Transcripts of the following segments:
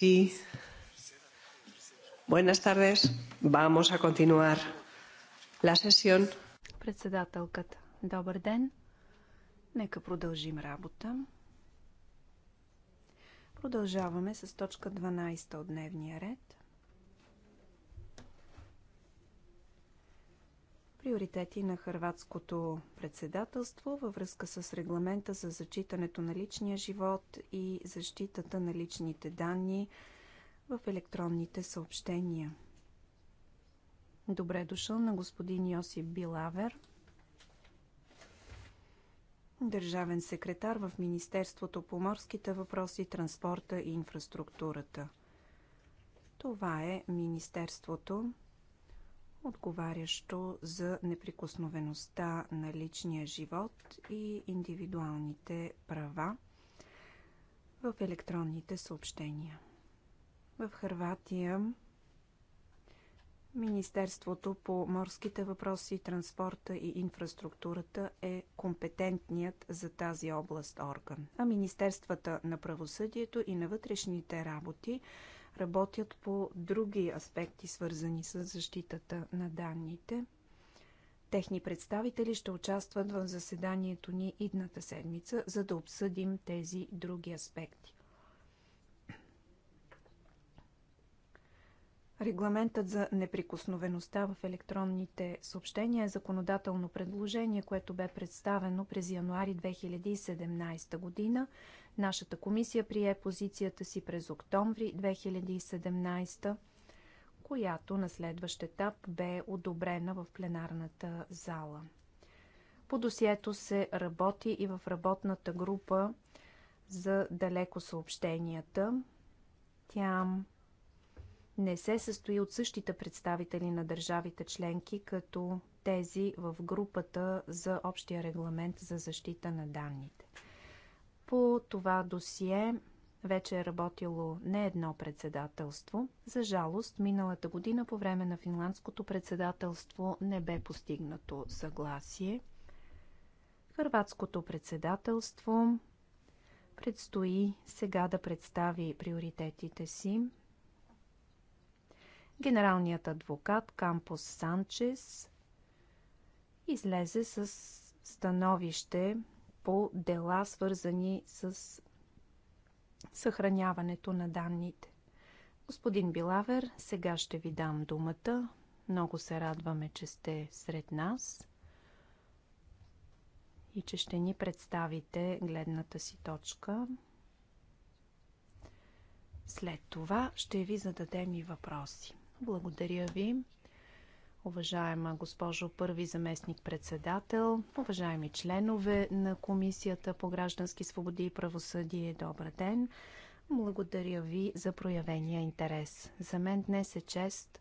Sí. Buenas tardes. Vamos a continuar la sesión. Председателката. Добър ден. Нека продължим работа. Продължаваме с точка 12 от дневния ред. приоритети на хърватското председателство във връзка с регламента за зачитането на личния живот и защитата на личните данни в електронните съобщения. Добре дошъл на господин Йосип Билавер, държавен секретар в Министерството по морските въпроси, транспорта и инфраструктурата. Това е Министерството, отговарящо за неприкосновеността на личния живот и индивидуалните права в електронните съобщения. В Хърватия Министерството по морските въпроси, транспорта и инфраструктурата е компетентният за тази област орган, а Министерствата на правосъдието и на вътрешните работи – работят по други аспекти, свързани с защитата на данните. Техни представители ще участват в заседанието ни идната седмица, за да обсъдим тези други аспекти. Регламентът за неприкосновеността в електронните съобщения е законодателно предложение, което бе представено през януари 2017 година. Нашата комисия прие позицията си през октомври 2017, която на следващ етап бе одобрена в пленарната зала. По досието се работи и в работната група за далеко съобщенията. Тя не се състои от същите представители на държавите членки, като тези в групата за общия регламент за защита на данните – по това досие вече е работило не едно председателство. За жалост, миналата година по време на финландското председателство не бе постигнато съгласие. Хрватското председателство предстои сега да представи приоритетите си. Генералният адвокат Кампос Санчес излезе с становище по дела, свързани с съхраняването на данните. Господин Билавер, сега ще ви дам думата. Много се радваме, че сте сред нас и че ще ни представите гледната си точка. След това ще ви зададем и въпроси. Благодаря ви уважаема госпожо първи заместник-председател, уважаеми членове на Комисията по граждански свободи и правосъдие, добър ден! Благодаря ви за проявения интерес. За мен днес е чест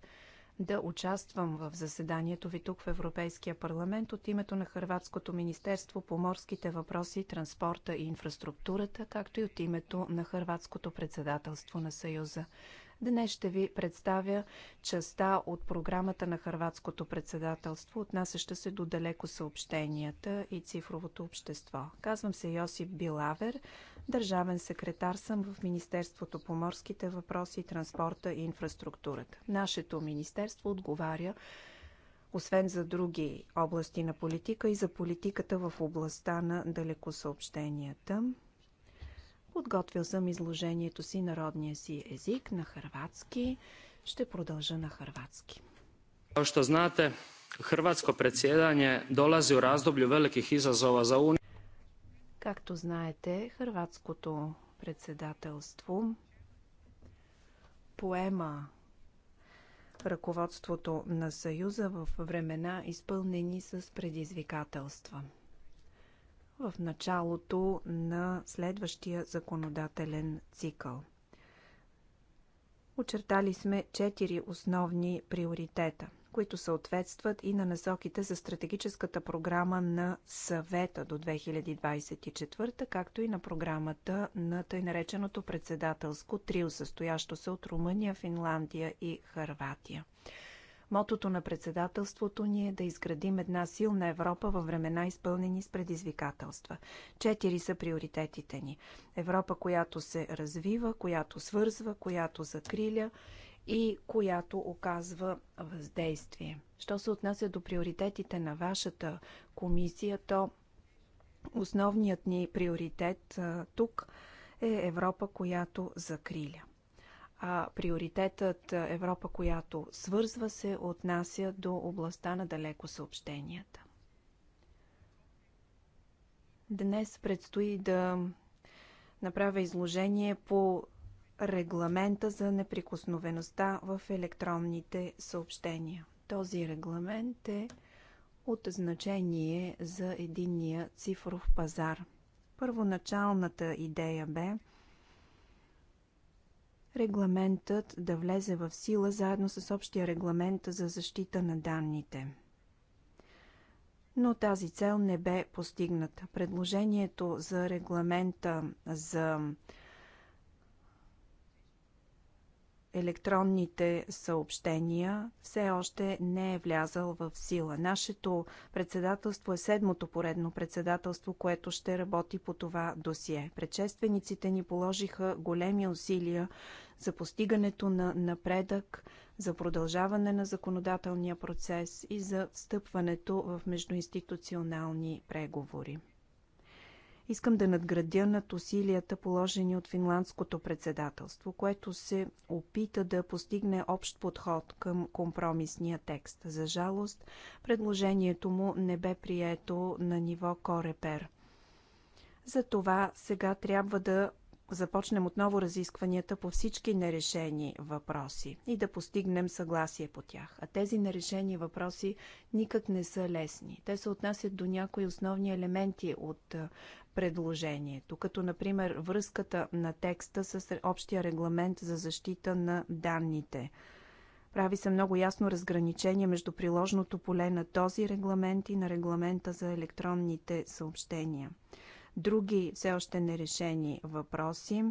да участвам в заседанието ви тук в Европейския парламент от името на Хрватското министерство по морските въпроси, транспорта и инфраструктурата, както и от името на Хрватското председателство на Съюза. Днес ще ви представя частта от програмата на Харватското председателство, отнасяща се до далеко съобщенията и цифровото общество. Казвам се Йосип Билавер, държавен секретар съм в Министерството по морските въпроси, транспорта и инфраструктурата. Нашето министерство отговаря освен за други области на политика и за политиката в областта на далекосъобщенията. Подготвил съм изложението си народния си език на хрватски. Ще продължа на хрватски. Kao što znate, hrvatsko predsjedanje dolazi u razdoblju velikih izazova za Както знаете, хрватското председателство поема ръководството на Съюза в времена, изпълнени с предизвикателства – в началото на следващия законодателен цикъл. Очертали сме четири основни приоритета, които съответстват и на насоките за стратегическата програма на съвета до 2024, както и на програмата на тъй нареченото председателско трио, състоящо се от Румъния, Финландия и Харватия. Мотото на председателството ни е да изградим една силна Европа във времена изпълнени с предизвикателства. Четири са приоритетите ни. Европа, която се развива, която свързва, която закриля и която оказва въздействие. Що се отнася до приоритетите на вашата комисия, то основният ни приоритет а, тук е Европа, която закриля а приоритетът Европа, която свързва се, отнася до областта на далеко съобщенията. Днес предстои да направя изложение по регламента за неприкосновеността в електронните съобщения. Този регламент е от значение за единния цифров пазар. Първоначалната идея бе регламентът да влезе в сила заедно с общия регламент за защита на данните. Но тази цел не бе постигната. Предложението за регламента за електронните съобщения все още не е влязъл в сила. Нашето председателство е седмото поредно председателство, което ще работи по това досие. Предшествениците ни положиха големи усилия за постигането на напредък, за продължаване на законодателния процес и за встъпването в междуинституционални преговори. Искам да надградя над усилията, положени от финландското председателство, което се опита да постигне общ подход към компромисния текст. За жалост, предложението му не бе прието на ниво Корепер. Затова сега трябва да започнем отново разискванията по всички нерешени въпроси и да постигнем съгласие по тях. А тези нерешени въпроси никак не са лесни. Те се отнасят до някои основни елементи от предложението, като например връзката на текста с общия регламент за защита на данните. Прави се много ясно разграничение между приложното поле на този регламент и на регламента за електронните съобщения. Други все още нерешени въпроси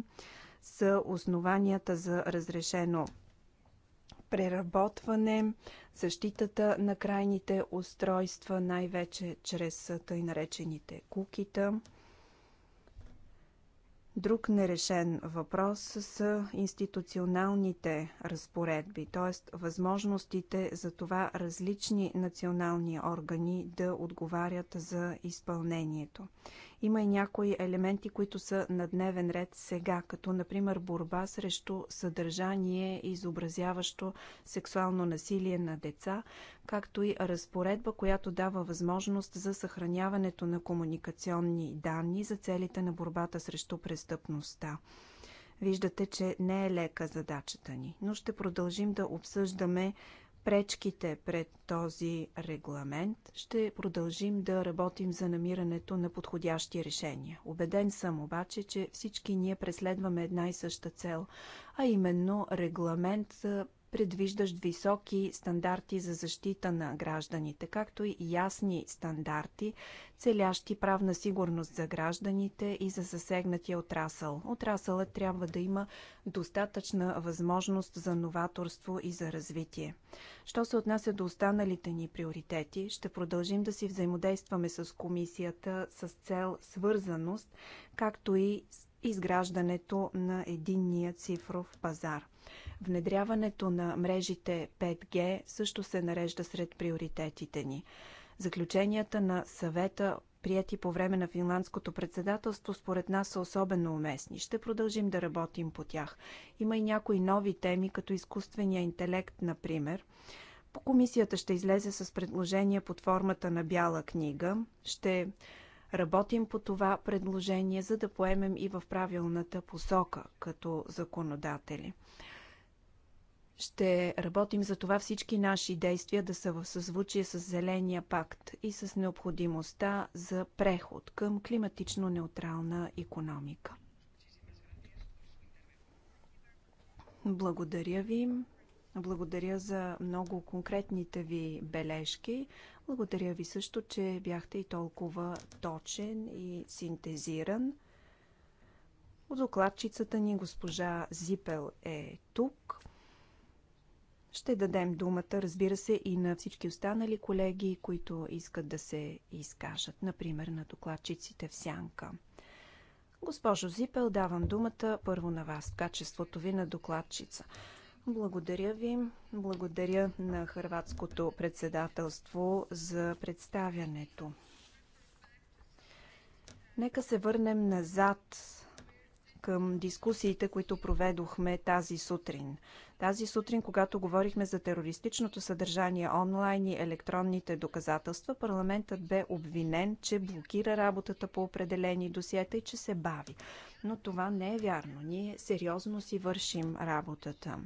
са основанията за разрешено преработване, защитата на крайните устройства, най-вече чрез тъй наречените кукита, Друг нерешен въпрос са институционалните разпоредби, т.е. възможностите за това различни национални органи да отговарят за изпълнението. Има и някои елементи, които са на дневен ред сега, като например борба срещу съдържание, изобразяващо сексуално насилие на деца, както и разпоредба, която дава възможност за съхраняването на комуникационни данни за целите на борбата срещу престъпността. Виждате, че не е лека задачата ни, но ще продължим да обсъждаме пречките пред този регламент, ще продължим да работим за намирането на подходящи решения. Обеден съм обаче, че всички ние преследваме една и съща цел, а именно регламент предвиждащ високи стандарти за защита на гражданите, както и ясни стандарти, целящи правна сигурност за гражданите и за засегнатия отрасъл. Отрасълът трябва да има достатъчна възможност за новаторство и за развитие. Що се отнася до останалите ни приоритети, ще продължим да си взаимодействаме с комисията с цел свързаност, както и изграждането на единния цифров пазар. Внедряването на мрежите 5G също се нарежда сред приоритетите ни. Заключенията на съвета прияти по време на финландското председателство, според нас са особено уместни. Ще продължим да работим по тях. Има и някои нови теми, като изкуствения интелект, например. По комисията ще излезе с предложение под формата на бяла книга. Ще работим по това предложение, за да поемем и в правилната посока като законодатели. Ще работим за това всички наши действия да са в съзвучие с Зеления пакт и с необходимостта за преход към климатично неутрална економика. Благодаря ви. Благодаря за много конкретните ви бележки. Благодаря ви също, че бяхте и толкова точен и синтезиран. Докладчицата ни госпожа Зипел е тук. Ще дадем думата, разбира се, и на всички останали колеги, които искат да се изкажат, например на докладчиците в Сянка. Госпожо Зипел, давам думата първо на вас в качеството ви на докладчица. Благодаря ви. Благодаря на Хрватското председателство за представянето. Нека се върнем назад към дискусиите, които проведохме тази сутрин. Тази сутрин, когато говорихме за терористичното съдържание онлайн и електронните доказателства, парламентът бе обвинен, че блокира работата по определени досиета и че се бави. Но това не е вярно. Ние сериозно си вършим работата.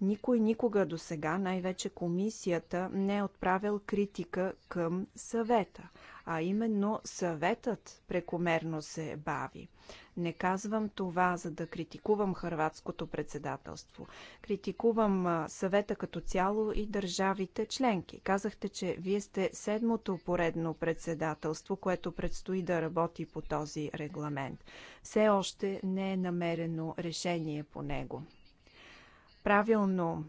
Никой никога до сега, най-вече комисията, не е отправил критика към съвета, а именно съветът прекомерно се бави. Не казвам това, за да критикувам хърватското председателство. Критикувам съвета като цяло и държавите членки. Казахте, че вие сте седмото поредно председателство, което предстои да работи по този регламент. Все още не е намерено решение по него. Правилно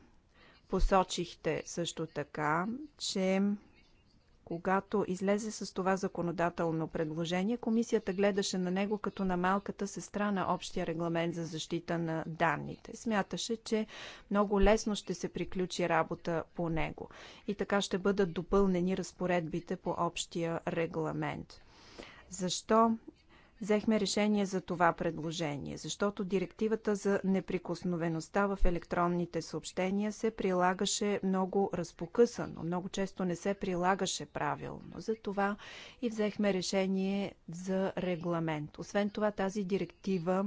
посочихте също така, че когато излезе с това законодателно предложение, комисията гледаше на него като на малката сестра на общия регламент за защита на данните. Смяташе, че много лесно ще се приключи работа по него и така ще бъдат допълнени разпоредбите по общия регламент. Защо взехме решение за това предложение, защото директивата за неприкосновеността в електронните съобщения се прилагаше много разпокъсано, много често не се прилагаше правилно. За това и взехме решение за регламент. Освен това, тази директива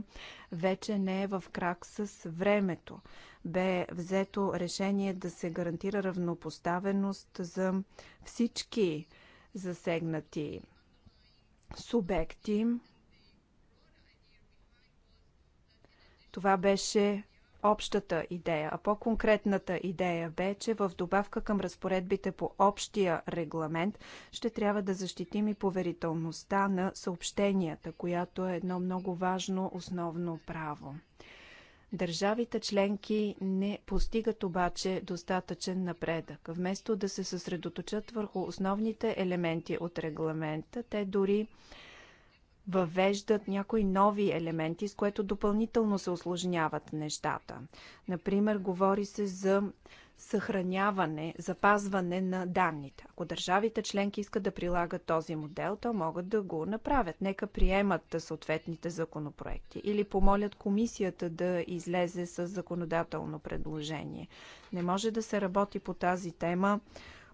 вече не е в крак с времето. Бе взето решение да се гарантира равнопоставеност за всички засегнати субекти Това беше общата идея, а по-конкретната идея бе, че в добавка към разпоредбите по общия регламент ще трябва да защитим и поверителността на съобщенията, която е едно много важно основно право. Държавите членки не постигат обаче достатъчен напредък. Вместо да се съсредоточат върху основните елементи от регламента, те дори въвеждат някои нови елементи, с което допълнително се осложняват нещата. Например, говори се за съхраняване, запазване на данните. Ако държавите членки искат да прилагат този модел, то могат да го направят. Нека приемат съответните законопроекти или помолят комисията да излезе с законодателно предложение. Не може да се работи по тази тема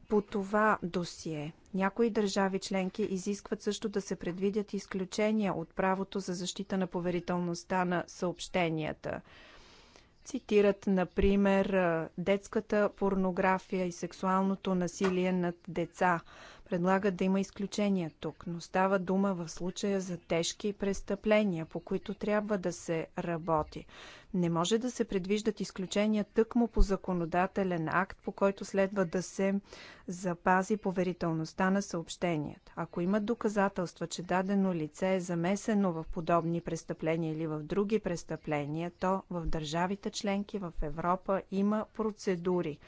по това досие. Някои държави членки изискват също да се предвидят изключения от правото за защита на поверителността на съобщенията. Цитират, например, детската порнография и сексуалното насилие над деца предлагат да има изключения тук, но става дума в случая за тежки престъпления, по които трябва да се работи. Не може да се предвиждат изключения тъкмо по законодателен акт, по който следва да се запази поверителността на съобщенията. Ако има доказателства, че дадено лице е замесено в подобни престъпления или в други престъпления, то в държавите членки в Европа има процедури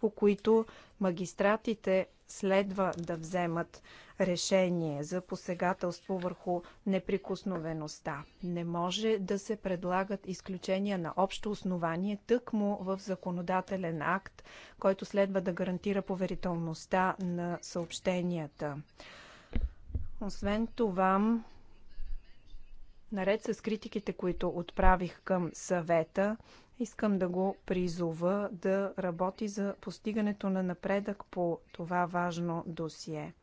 по които магистратите следва да вземат решение за посегателство върху неприкосновеността. Не може да се предлагат изключения на общо основание тъкмо в законодателен акт, който следва да гарантира поверителността на съобщенията. Освен това, наред с критиките, които отправих към съвета, Искам да го призова да работи за постигането на напредък по това важно досие.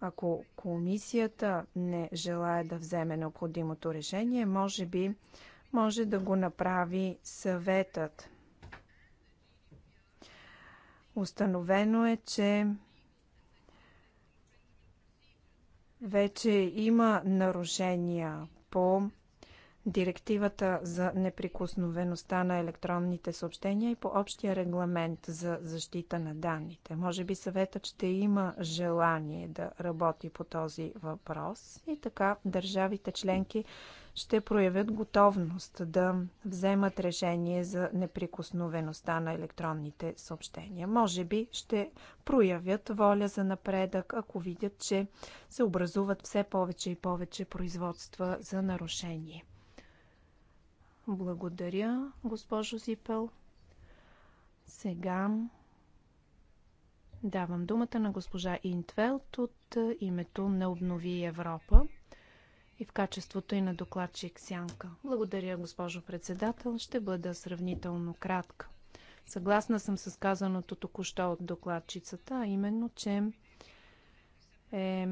Ако комисията не желая да вземе необходимото решение, може би може да го направи съветът. Установено е, че вече има нарушения по директивата за неприкосновеността на електронните съобщения и по общия регламент за защита на данните. Може би съветът ще има желание да работи по този въпрос и така държавите членки ще проявят готовност да вземат решение за неприкосновеността на електронните съобщения. Може би ще проявят воля за напредък, ако видят, че се образуват все повече и повече производства за нарушение. Благодаря, госпожо Зипел. Сега давам думата на госпожа Интвелт от е, името на Обнови Европа и в качеството и на докладчик Сянка. Благодаря, госпожо председател. Ще бъда сравнително кратка. Съгласна съм с казаното току-що от докладчицата, а именно, че е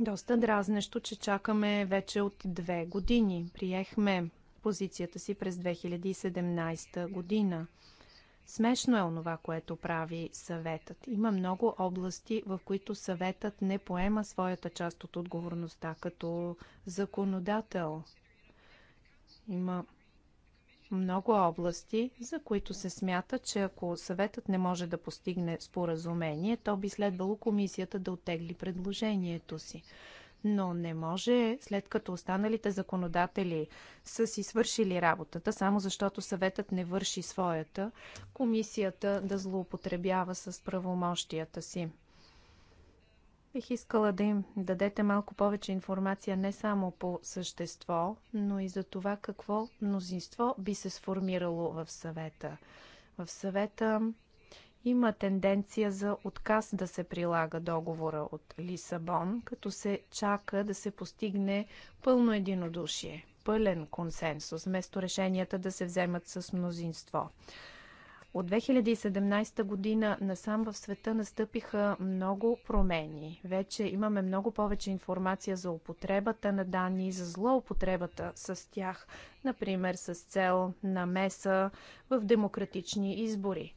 доста дразнещо, че чакаме вече от две години. Приехме позицията си през 2017 година. Смешно е онова, което прави съветът. Има много области, в които съветът не поема своята част от отговорността като законодател. Има много области, за които се смята, че ако съветът не може да постигне споразумение, то би следвало комисията да отегли предложението си но не може, след като останалите законодатели са си свършили работата, само защото съветът не върши своята, комисията да злоупотребява с правомощията си. Бих искала да им дадете малко повече информация не само по същество, но и за това какво мнозинство би се сформирало в съвета. В съвета има тенденция за отказ да се прилага договора от Лисабон, като се чака да се постигне пълно единодушие, пълен консенсус, вместо решенията да се вземат с мнозинство. От 2017 година насам в света настъпиха много промени. Вече имаме много повече информация за употребата на данни и за злоупотребата с тях, например с цел намеса в демократични избори.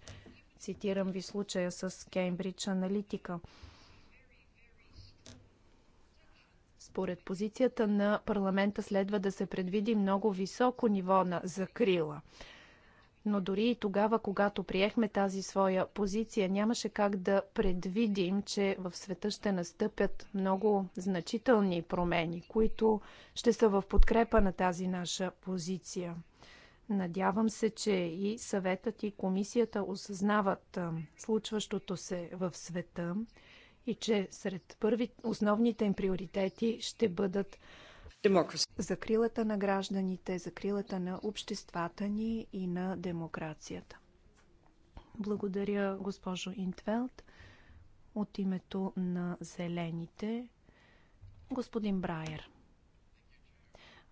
Цитирам ви случая с Кембридж Аналитика. Според позицията на парламента следва да се предвиди много високо ниво на закрила. Но дори и тогава, когато приехме тази своя позиция, нямаше как да предвидим, че в света ще настъпят много значителни промени, които ще са в подкрепа на тази наша позиция. Надявам се, че и съветът и комисията осъзнават случващото се в света и че сред първи, основните им приоритети ще бъдат закрилата на гражданите, закрилата на обществата ни и на демокрацията. Благодаря, госпожо Интвелт. От името на Зелените, господин Брайер.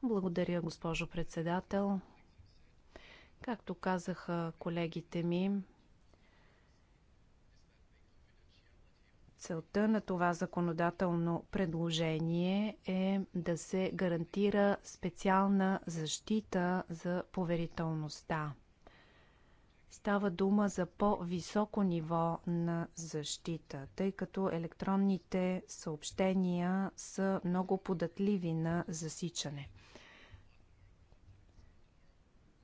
Благодаря, госпожо председател. Както казаха колегите ми, Целта на това законодателно предложение е да се гарантира специална защита за поверителността. Става дума за по-високо ниво на защита, тъй като електронните съобщения са много податливи на засичане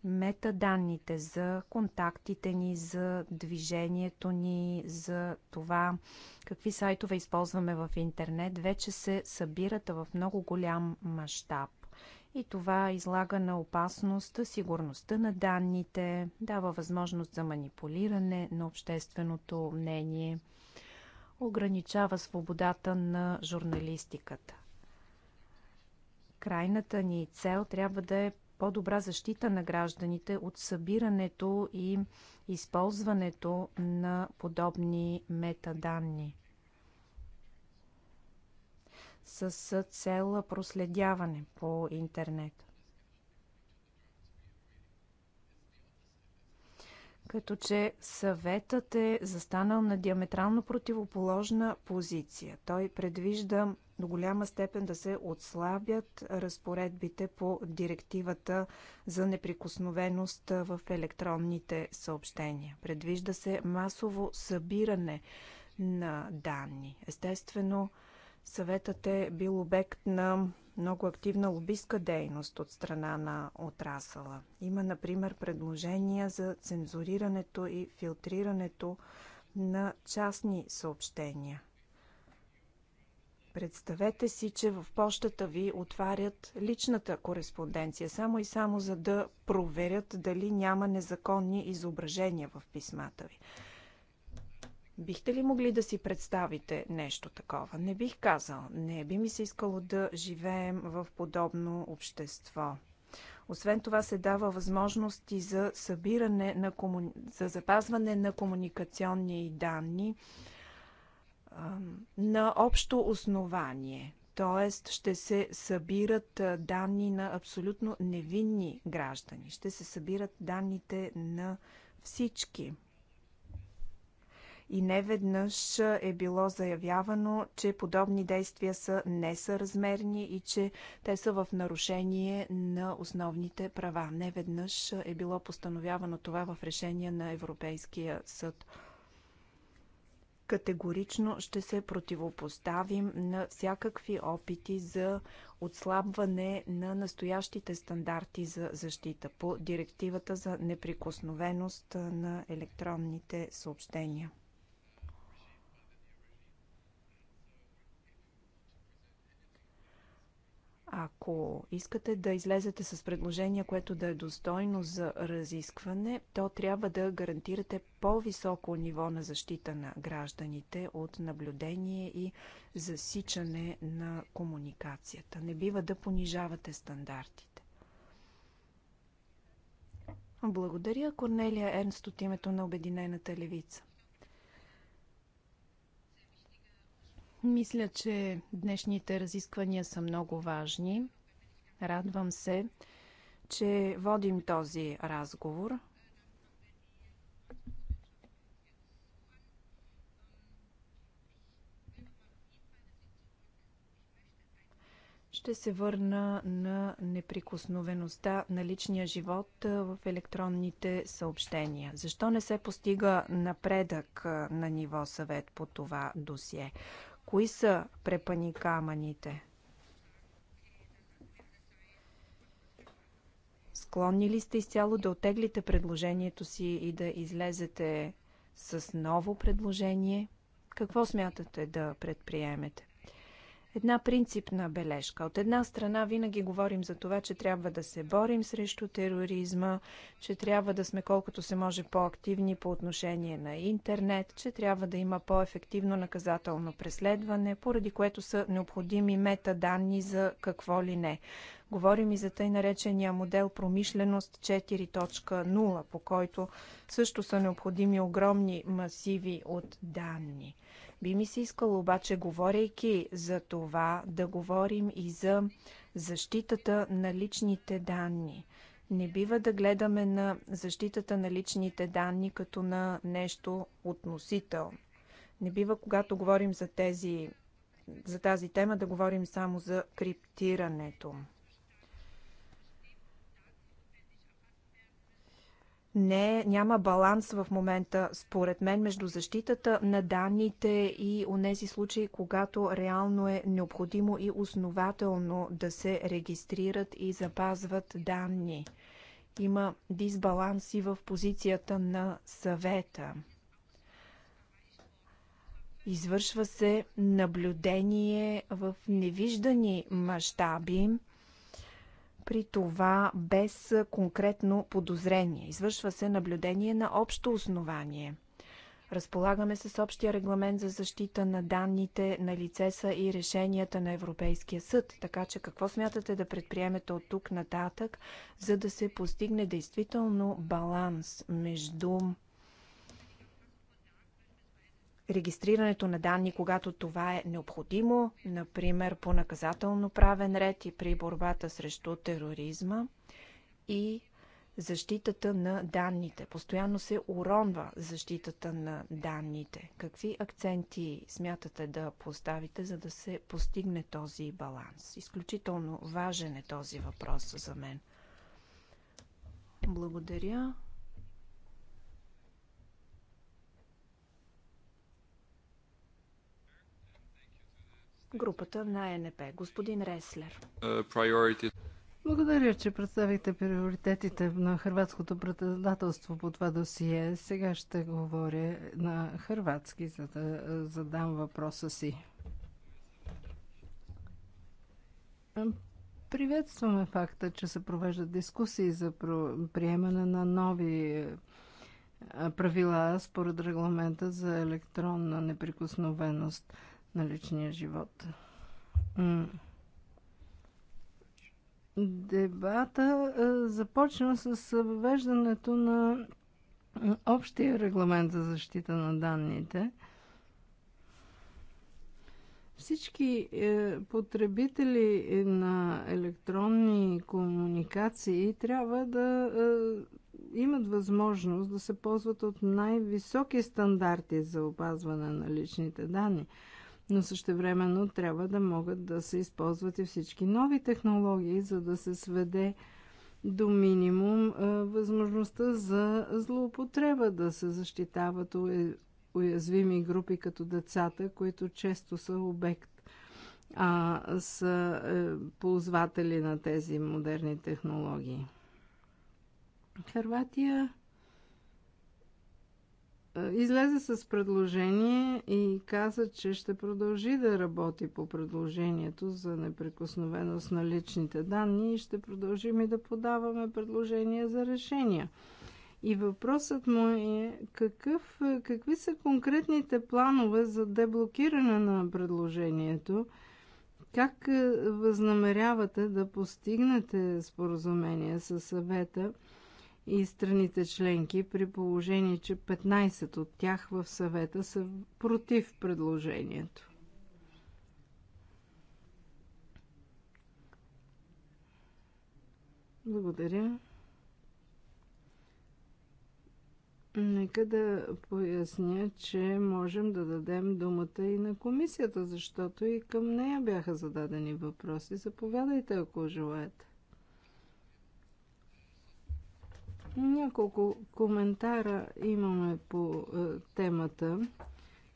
метаданните за контактите ни, за движението ни, за това какви сайтове използваме в интернет, вече се събират в много голям мащаб. И това излага на опасност сигурността на данните, дава възможност за манипулиране на общественото мнение, ограничава свободата на журналистиката крайната ни цел трябва да е по-добра защита на гражданите от събирането и използването на подобни метаданни с цел проследяване по интернет. като че съветът е застанал на диаметрално противоположна позиция. Той предвижда до голяма степен да се отслабят разпоредбите по директивата за неприкосновеност в електронните съобщения. Предвижда се масово събиране на данни. Естествено, съветът е бил обект на много активна лобистка дейност от страна на отрасъла. Има, например, предложения за цензурирането и филтрирането на частни съобщения. Представете си, че в почтата ви отварят личната кореспонденция, само и само за да проверят дали няма незаконни изображения в писмата ви. Бихте ли могли да си представите нещо такова? Не бих казал. Не би ми се искало да живеем в подобно общество. Освен това се дава възможности за събиране на кому... за запазване на комуникационни данни на общо основание. Тоест ще се събират данни на абсолютно невинни граждани. Ще се събират данните на всички. И не веднъж е било заявявано, че подобни действия са несъразмерни и че те са в нарушение на основните права. Неведнъж е било постановявано това в решение на Европейския съд Категорично ще се противопоставим на всякакви опити за отслабване на настоящите стандарти за защита по директивата за неприкосновеност на електронните съобщения. Ако искате да излезете с предложение, което да е достойно за разискване, то трябва да гарантирате по-високо ниво на защита на гражданите от наблюдение и засичане на комуникацията. Не бива да понижавате стандартите. Благодаря, Корнелия Ернст от името на Обединената левица. Мисля, че днешните разисквания са много важни. Радвам се, че водим този разговор. Ще се върна на неприкосновеността на личния живот в електронните съобщения. Защо не се постига напредък на ниво съвет по това досие? Кои са препани камъните? Склонни ли сте изцяло да отеглите предложението си и да излезете с ново предложение? Какво смятате да предприемете? една принципна бележка. От една страна винаги говорим за това, че трябва да се борим срещу тероризма, че трябва да сме колкото се може по-активни по отношение на интернет, че трябва да има по-ефективно наказателно преследване, поради което са необходими метаданни за какво ли не. Говорим и за тъй наречения модел промишленост 4.0, по който също са необходими огромни масиви от данни. Би ми се искало обаче, говорейки за това, да говорим и за защитата на личните данни. Не бива да гледаме на защитата на личните данни като на нещо относително. Не бива, когато говорим за тези за тази тема да говорим само за криптирането. не, няма баланс в момента, според мен, между защитата на данните и онези случаи, когато реално е необходимо и основателно да се регистрират и запазват данни. Има дисбаланси в позицията на съвета. Извършва се наблюдение в невиждани мащаби при това без конкретно подозрение. Извършва се наблюдение на общо основание. Разполагаме с общия регламент за защита на данните на лицеса и решенията на Европейския съд. Така че какво смятате да предприемете от тук нататък, за да се постигне действително баланс между регистрирането на данни, когато това е необходимо, например по наказателно правен ред и при борбата срещу тероризма и защитата на данните. Постоянно се уронва защитата на данните. Какви акценти смятате да поставите, за да се постигне този баланс? Изключително важен е този въпрос за мен. Благодаря. групата на ЕНП. Господин Реслер. Е, Благодаря, че представихте приоритетите на хрватското председателство по това досие. Сега ще говоря на хрватски, за да е, задам въпроса си. Приветстваме факта, че се провеждат дискусии за приемане на нови е, правила според регламента за електронна неприкосновеност – на личния живот. Дебата започна с въвеждането на общия регламент за защита на данните. Всички е, потребители на електронни комуникации трябва да е, имат възможност да се ползват от най-високи стандарти за опазване на личните данни – но същевременно трябва да могат да се използват и всички нови технологии, за да се сведе до минимум възможността за злоупотреба, да се защитават уязвими групи като децата, които често са обект а, са е, ползватели на тези модерни технологии. Харватия е, излезе с предложение и каза, че ще продължи да работи по предложението за неприкосновеност на личните данни и ще продължим и да подаваме предложения за решения. И въпросът му е какъв, е, какви са конкретните планове за деблокиране на предложението, как е, възнамерявате да постигнете споразумение със съвета – и страните членки, при положение, че 15 от тях в съвета са против предложението. Благодаря. Нека да поясня, че можем да дадем думата и на комисията, защото и към нея бяха зададени въпроси. Заповядайте, ако желаете. Няколко коментара имаме по е, темата.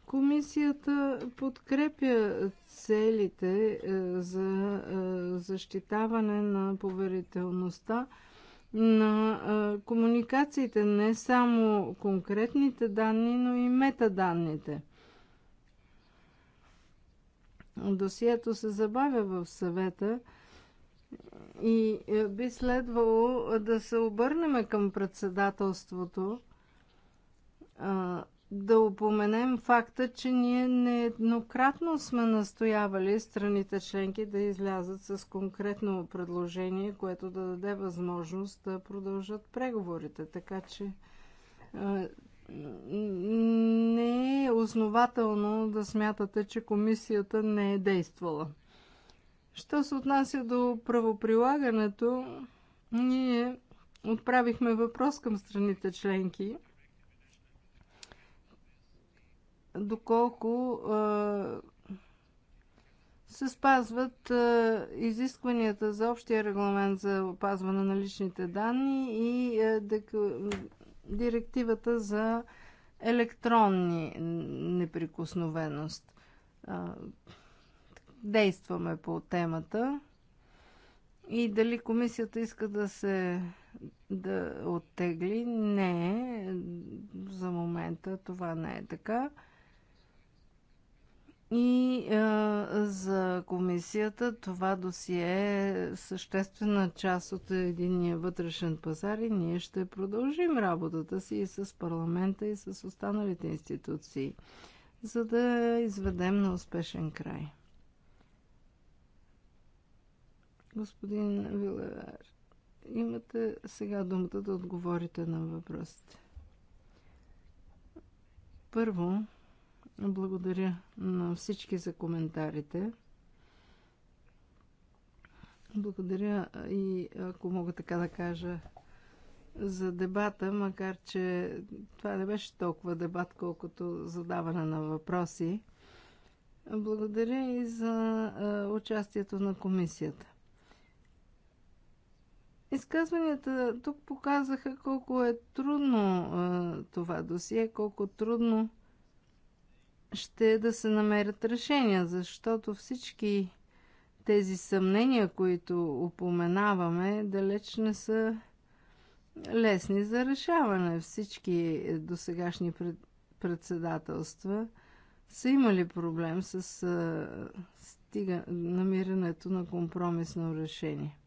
Комисията подкрепя целите е, за е, защитаване на поверителността на комуникациите, не само конкретните данни, но и метаданните. Досието се забавя в съвета – и е, би следвало да се обърнем към председателството, да упоменем факта, че ние нееднократно сме настоявали страните членки да излязат с конкретно предложение, което да даде възможност да продължат преговорите. Така че е, не е основателно да смятате, че комисията не е действала. Що се отнася до правоприлагането, ние отправихме въпрос към страните членки. Доколко се спазват изискванията за общия регламент за опазване на личните данни и директивата за електронни неприкосновеност действаме по темата и дали комисията иска да се да оттегли? Не, за момента това не е така. И а, за комисията това досие е съществена част от единния вътрешен пазар и ние ще продължим работата си и с парламента и с останалите институции, за да изведем на успешен край. Господин Вилар, имате сега думата да отговорите на въпросите. Първо, благодаря на всички за коментарите. Благодаря и, ако мога така да кажа, за дебата, макар че това не беше толкова дебат, колкото задаване на въпроси. Благодаря и за участието на комисията. Изказванията тук показаха колко е трудно това досие, колко трудно ще е да се намерят решения, защото всички тези съмнения, които упоменаваме, далеч не са лесни за решаване. Всички досегашни пред, председателства са имали проблем с а, стига, намирането на компромисно решение.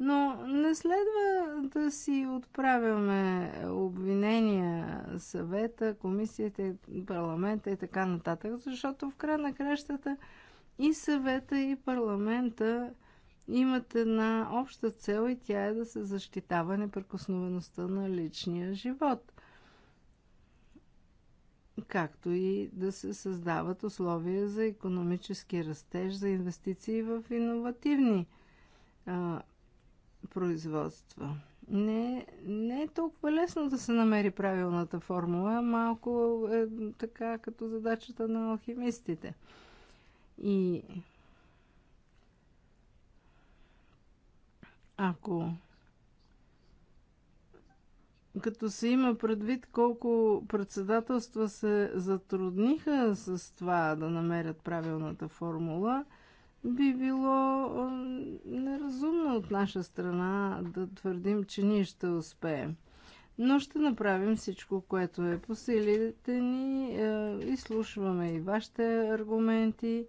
Но не следва да си отправяме обвинения съвета, комисията, парламента и така нататък, защото в край на кращата и съвета, и парламента имат една обща цел и тя е да се защитава непрекосновеността на личния живот. Както и да се създават условия за економически растеж, за инвестиции в иновативни производства. Не, не е толкова лесно да се намери правилната формула, малко е така като задачата на алхимистите. И ако като се има предвид колко председателства се затрудниха с това да намерят правилната формула, би било неразумно от наша страна да твърдим, че ние ще успеем. Но ще направим всичко, което е по силите ни. Е, изслушваме и вашите аргументи.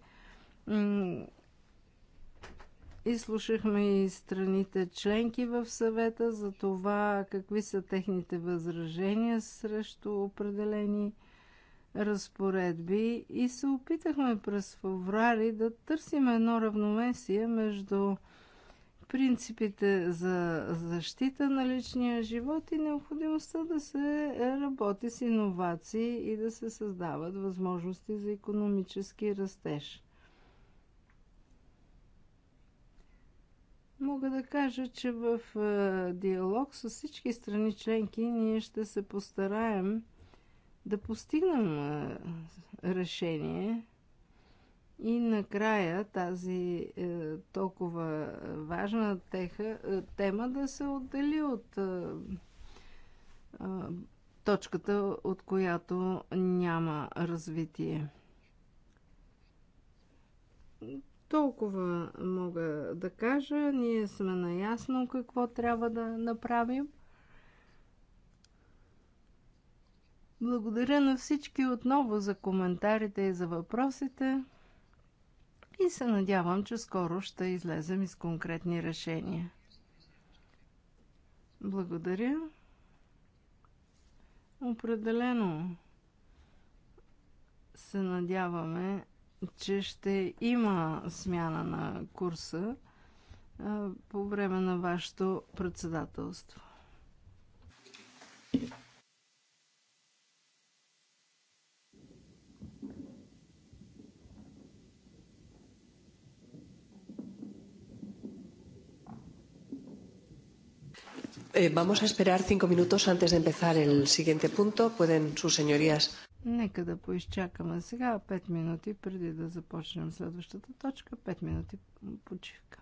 Изслушахме и страните членки в съвета за това какви са техните възражения срещу определени разпоредби и се опитахме през феврари да търсим едно равновесие между принципите за защита на личния живот и необходимостта да се работи с иновации и да се създават възможности за економически растеж. Мога да кажа, че в диалог с всички страни членки ние ще се постараем да постигнем решение и накрая тази е, толкова важна теха, е, тема да се отдели от е, точката, от която няма развитие. Толкова мога да кажа. Ние сме наясно какво трябва да направим. Благодаря на всички отново за коментарите и за въпросите и се надявам, че скоро ще излезем из конкретни решения. Благодаря. Определено се надяваме, че ще има смяна на курса по време на вашето председателство. Vamos a esperar cinco minutos antes de empezar el siguiente punto. Pueden sus señorías. Нека да поизчакаме сега 5 минути преди да започнем следващата точка. 5 минути почивка.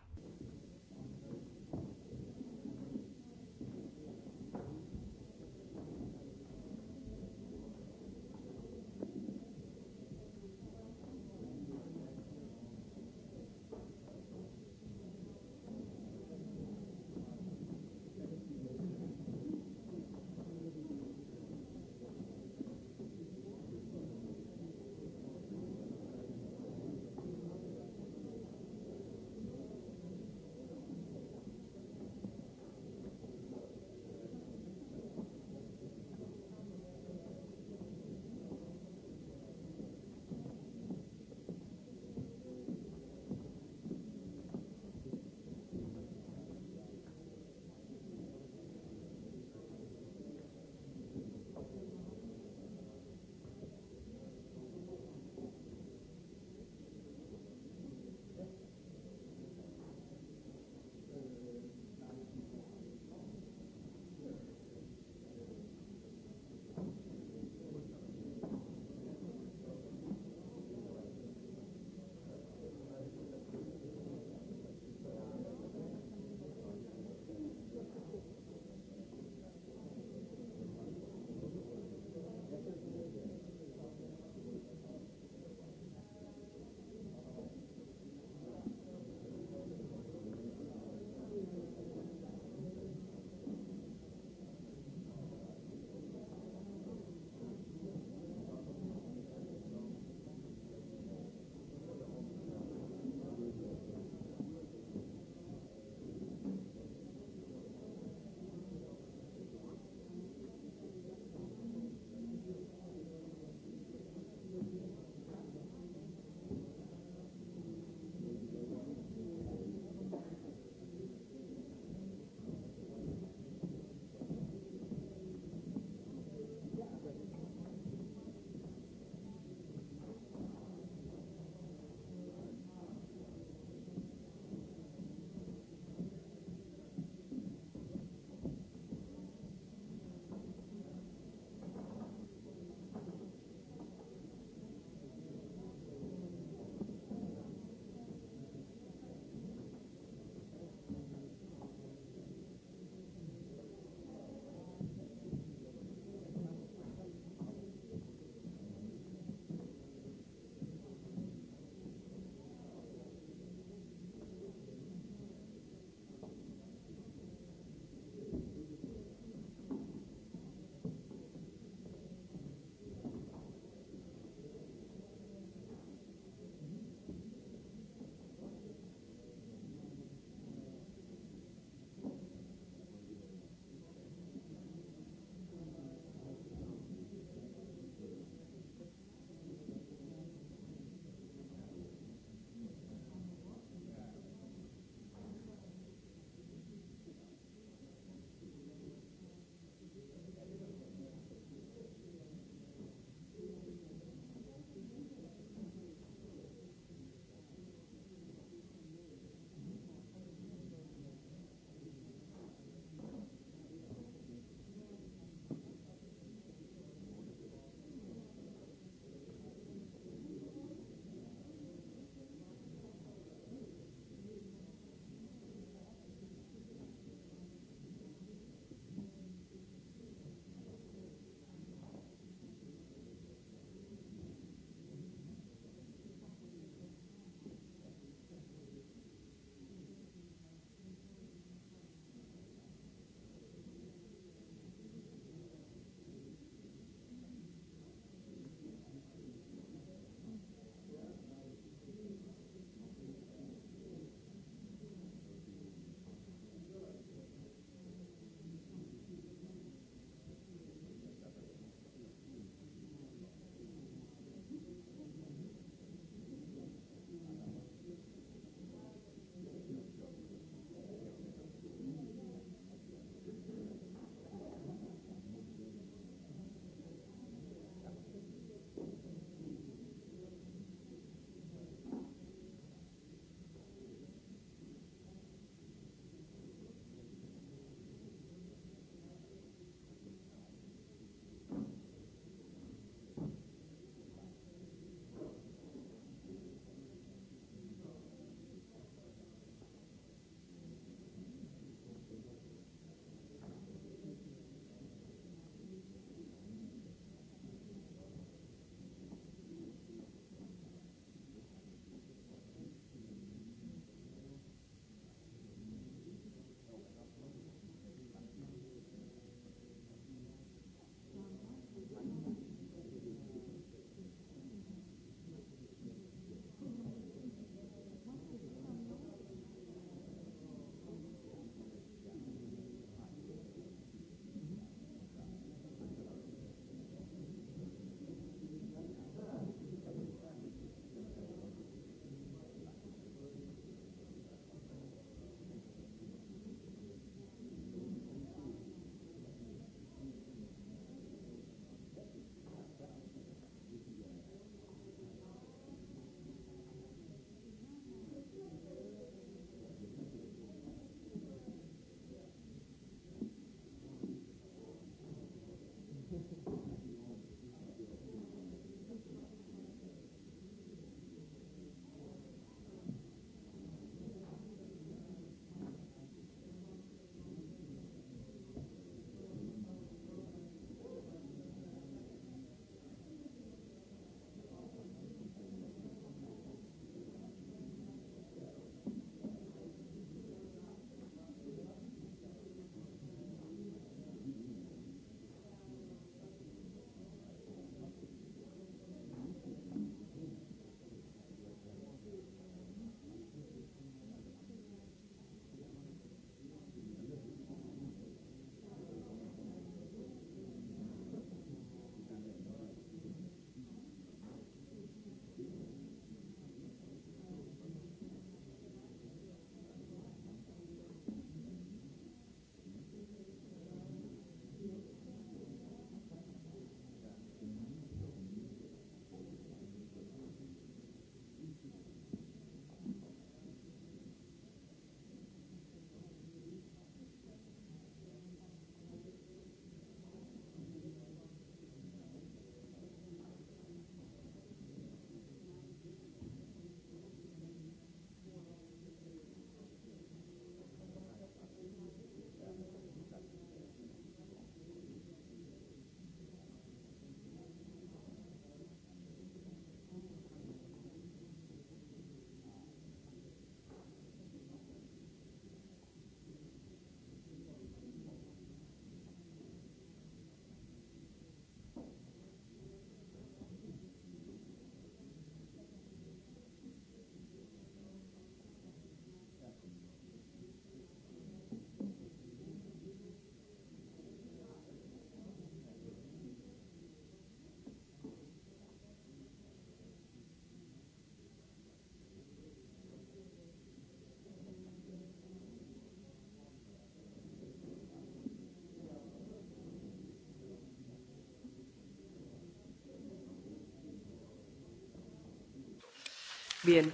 Bien,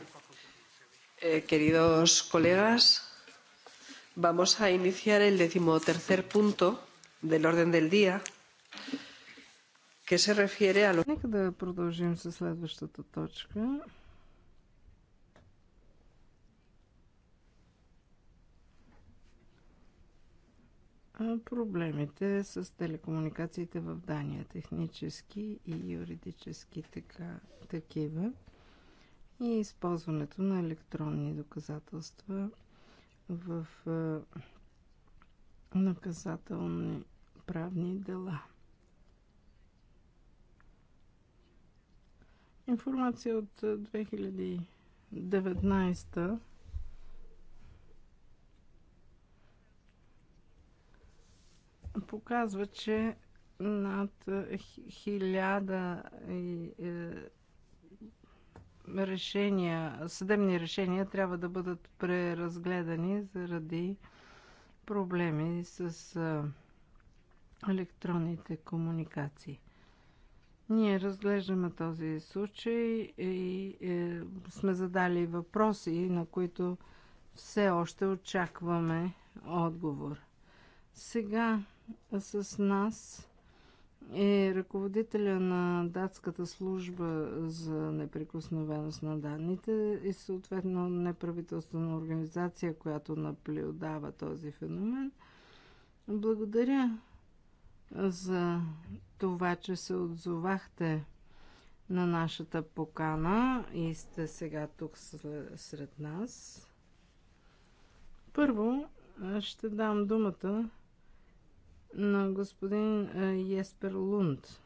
eh, queridos colegas, vamos a iniciar el decimotercer punto del orden del día, que se refiere a lo... Нека да продължим със следващата точка. проблемите с телекомуникациите в Дания, технически и юридически така, такива и използването на електронни доказателства в наказателни правни дела. Информация от 2019 показва, че над 1000 решения, съдебни решения трябва да бъдат преразгледани заради проблеми с електронните комуникации. Ние разглеждаме този случай и е, сме задали въпроси, на които все още очакваме отговор. Сега с нас е ръководителя на датската служба за неприкосновеност на данните и съответно неправителствена организация, която наблюдава този феномен. Благодаря за това, че се отзовахте на нашата покана и сте сега тук сред нас. Първо ще дам думата на господин Еспер Лунд,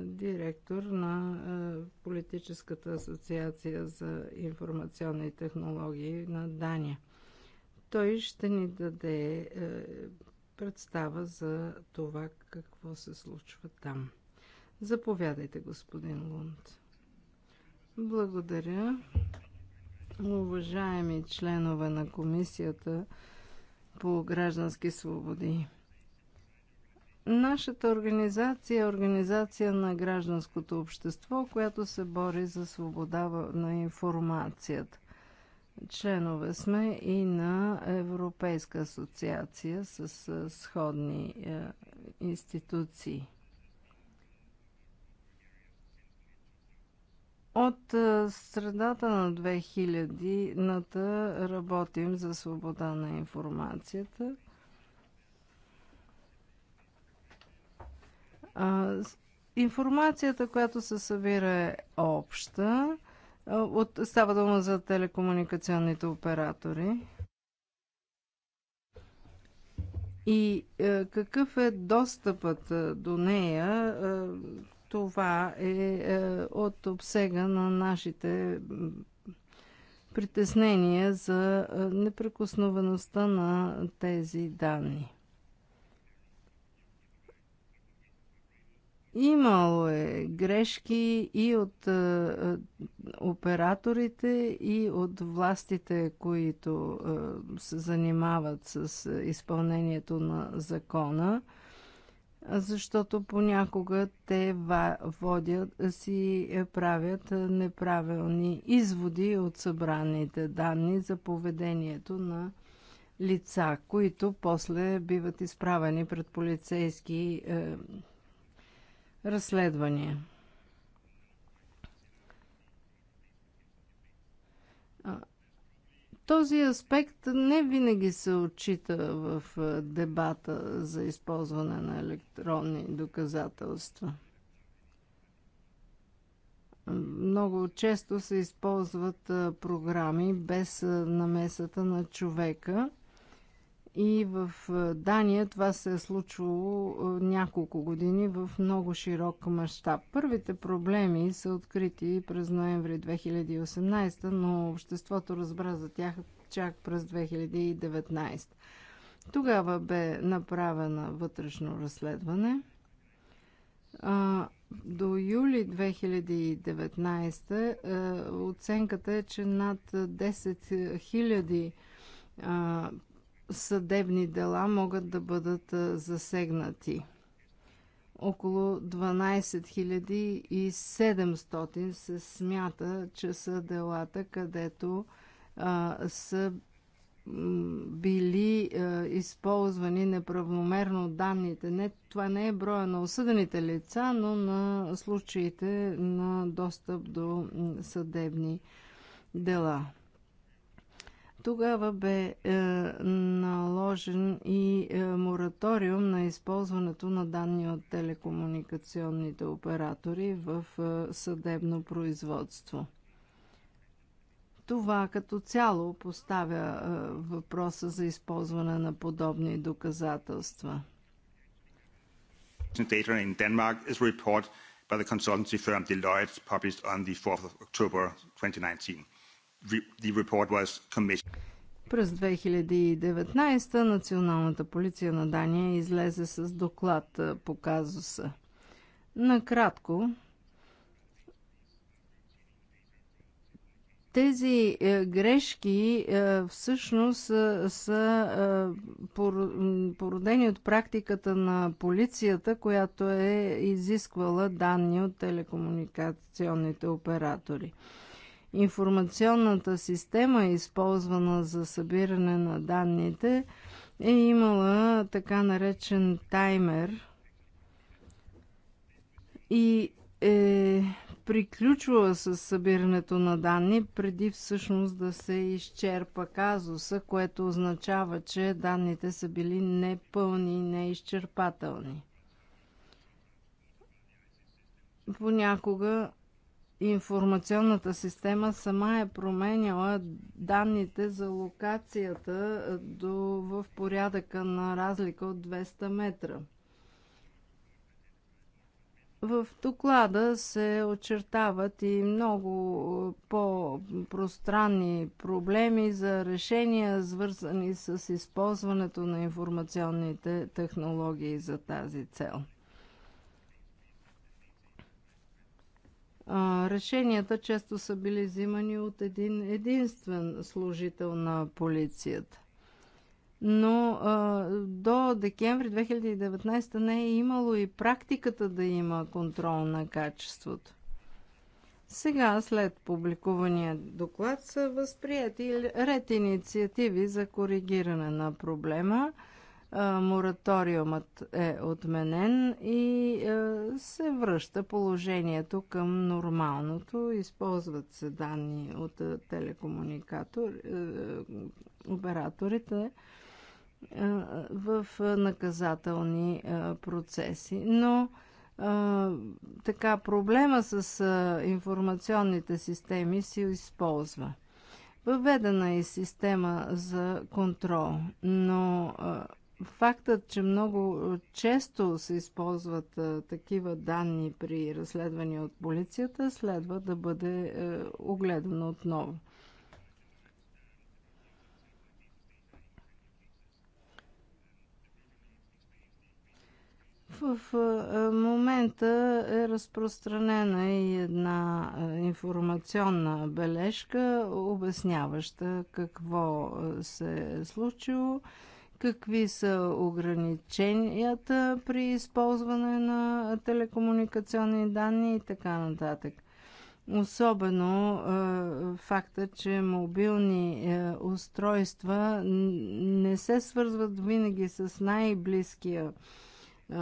директор на е, Политическата асоциация за информационни технологии на Дания. Той ще ни даде е, представа за това какво се случва там. Заповядайте, господин Лунд. Благодаря. Уважаеми членове на Комисията по граждански свободи. Нашата организация е организация на гражданското общество, която се бори за свобода на информацията. Членове сме и на Европейска асоциация с сходни е, институции. От е, средата на 2000-ната работим за свобода на информацията – информацията, която се събира е обща. От, става дума за телекомуникационните оператори. И е, какъв е достъпът е, до нея? Е, това е, е от обсега на нашите притеснения за е, непрекосновеността на тези данни. Имало е грешки и от е, е, операторите, и от властите, които е, се занимават с изпълнението на закона, защото понякога те водят, си правят неправилни изводи от събраните данни за поведението на лица, които после биват изправени пред полицейски разследвания. Този аспект не винаги се отчита в дебата за използване на електронни доказателства. Много често се използват програми без намесата на човека и в Дания това се е случило няколко години в много широк мащаб. Първите проблеми са открити през ноември 2018, но обществото разбра за тях чак през 2019. Тогава бе направено вътрешно разследване. А, до юли 2019 е, оценката е, че над 10 000 съдебни дела могат да бъдат засегнати. Около 12 700 се смята, че са делата, където а, са били а, използвани неправомерно данните. Не, това не е броя на осъдените лица, но на случаите на достъп до съдебни дела. Тогава бе е, наложен и е, мораториум на използването на данни от телекомуникационните оператори в е, съдебно производство. Това като цяло поставя е, въпроса за използване на подобни доказателства. Data in Denmark is report by the consultancy firm Deloitte published on the 4th of October 2019. През 2019 Националната полиция на Дания излезе с доклад по казуса. Накратко, тези е, грешки е, всъщност е, са породени от практиката на полицията, която е изисквала данни от телекомуникационните оператори информационната система, използвана за събиране на данните, е имала така наречен таймер и е приключвала с събирането на данни преди всъщност да се изчерпа казуса, което означава, че данните са били непълни и неизчерпателни. Понякога информационната система сама е променяла данните за локацията до, в порядъка на разлика от 200 метра. В доклада се очертават и много по-пространни проблеми за решения, свързани с използването на информационните технологии за тази цел. решенията често са били взимани от един единствен служител на полицията. Но а, до декември 2019 не е имало и практиката да има контрол на качеството. Сега, след публикувания доклад, са възприяти ред инициативи за коригиране на проблема – мораториумът е отменен и се връща положението към нормалното. Използват се данни от телекомуникатор, операторите в наказателни процеси. Но така проблема с информационните системи се си използва. Въведена е система за контрол, но Фактът, че много е, често се използват а, е, такива данни при разследвания от полицията, следва да бъде е, огледано отново. В е, момента е разпространена и една информационна бележка, обясняваща какво се е случило какви са ограниченията при използване на телекомуникационни данни и така нататък. Особено е, факта, че мобилни е, устройства не се свързват винаги с най-близкия е, е,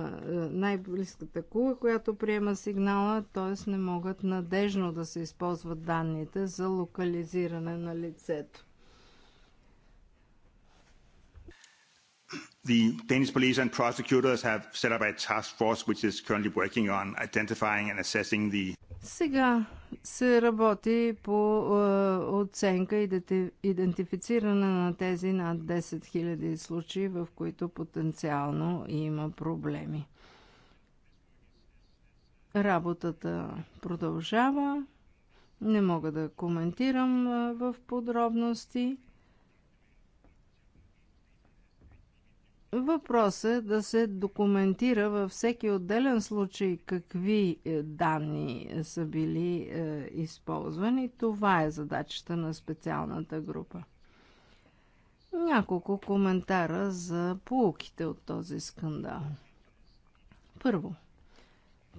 най-близката кула, която приема сигнала, т.е. не могат надежно да се използват данните за локализиране на лицето. The Danish police and prosecutors have set up a task force which is currently working on identifying and assessing the Сега се работи по е, оценка и идентифициране на тези над 10 000 случаи, в които потенциално има проблеми. Работата продължава. Не мога да коментирам е, в подробности. Въпрос е да се документира във всеки отделен случай какви е, данни е, са били е, използвани. Това е задачата на специалната група. Няколко коментара за полуките от този скандал. Първо,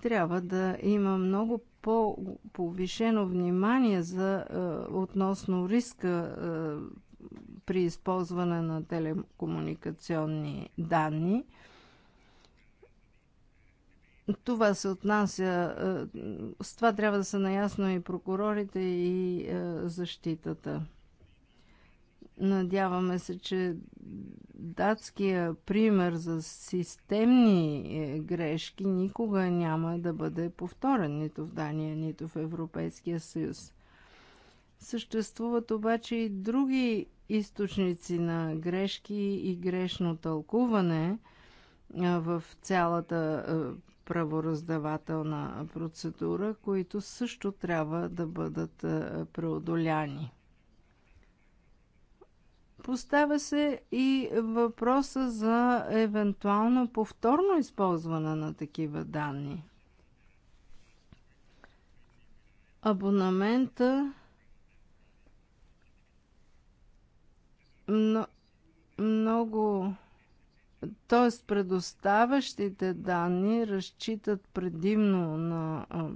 трябва да има много по-повишено внимание за, е, относно риска е, при използване на телекомуникационни данни. Това се отнася. Е, с това трябва да са наясно и прокурорите, и е, защитата. Надяваме се, че датския пример за системни е, грешки никога няма да бъде повторен нито в Дания, нито в Европейския съюз. Съществуват обаче и други източници на грешки и грешно тълкуване в цялата правораздавателна процедура, които също трябва да бъдат преодоляни. Поставя се и въпроса за евентуално повторно използване на такива данни. Абонамента Но, много т.е. предоставящите данни разчитат предимно на а,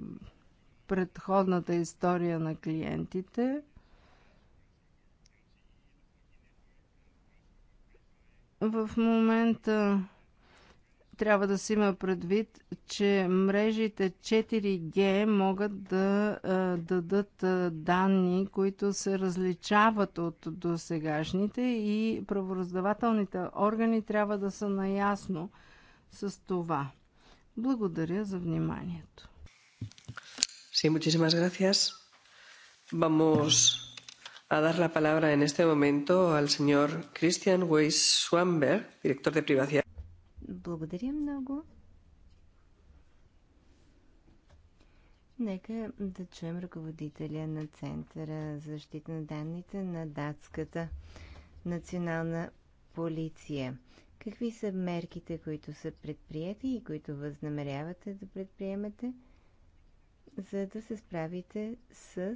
предходната история на клиентите. В момента трябва да се има предвид, че мрежите 4G могат да дадат данни, които се различават от досегашните и правораздавателните органи трябва да са наясно с това. Благодаря за вниманието. Sí, muchísimas gracias. Vamos a dar la palabra en este momento al señor Christian Weiss swamberg director de privacidad. Благодаря много. Нека да чуем ръководителя на Центъра за защита на данните на датската национална полиция. Какви са мерките, които са предприяти и които възнамерявате да предприемете, за да се справите с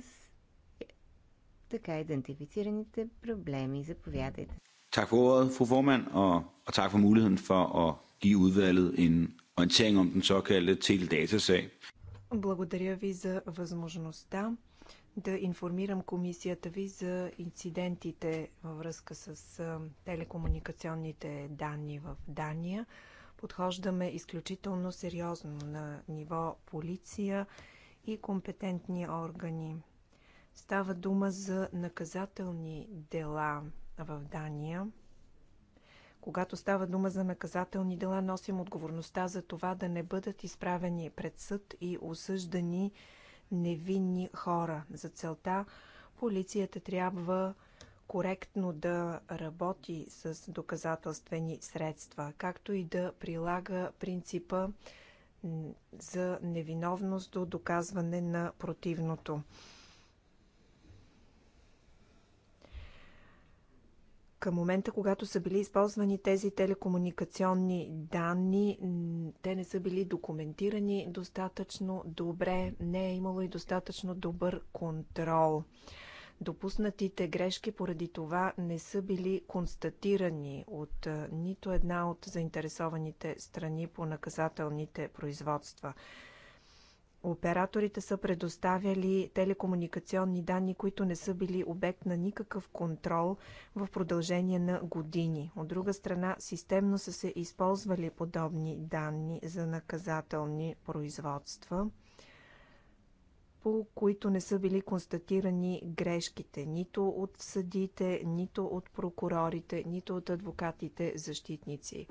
така идентифицираните проблеми? Заповядайте. Tak for ordet, fru formand, og, og tak for muligheden for at give udvalget en orientering om den såkaldte teledatasag. Благодаря ви за възможността да информирам комисията ви за инцидентите във връзка с телекомуникационните данни в Дания. Подхождаме изключително сериозно на ниво полиция и компетентни органи. Става дума за наказателни дела в Дания. Когато става дума за наказателни дела, носим отговорността за това да не бъдат изправени пред съд и осъждани невинни хора. За целта полицията трябва коректно да работи с доказателствени средства, както и да прилага принципа за невиновност до доказване на противното. към момента, когато са били използвани тези телекомуникационни данни, те не са били документирани достатъчно добре, не е имало и достатъчно добър контрол. Допуснатите грешки поради това не са били констатирани от нито една от заинтересованите страни по наказателните производства. Операторите са предоставяли телекомуникационни данни, които не са били обект на никакъв контрол в продължение на години. От друга страна, системно са се използвали подобни данни за наказателни производства, по които не са били констатирани грешките нито от съдите, нито от прокурорите, нито от адвокатите защитници.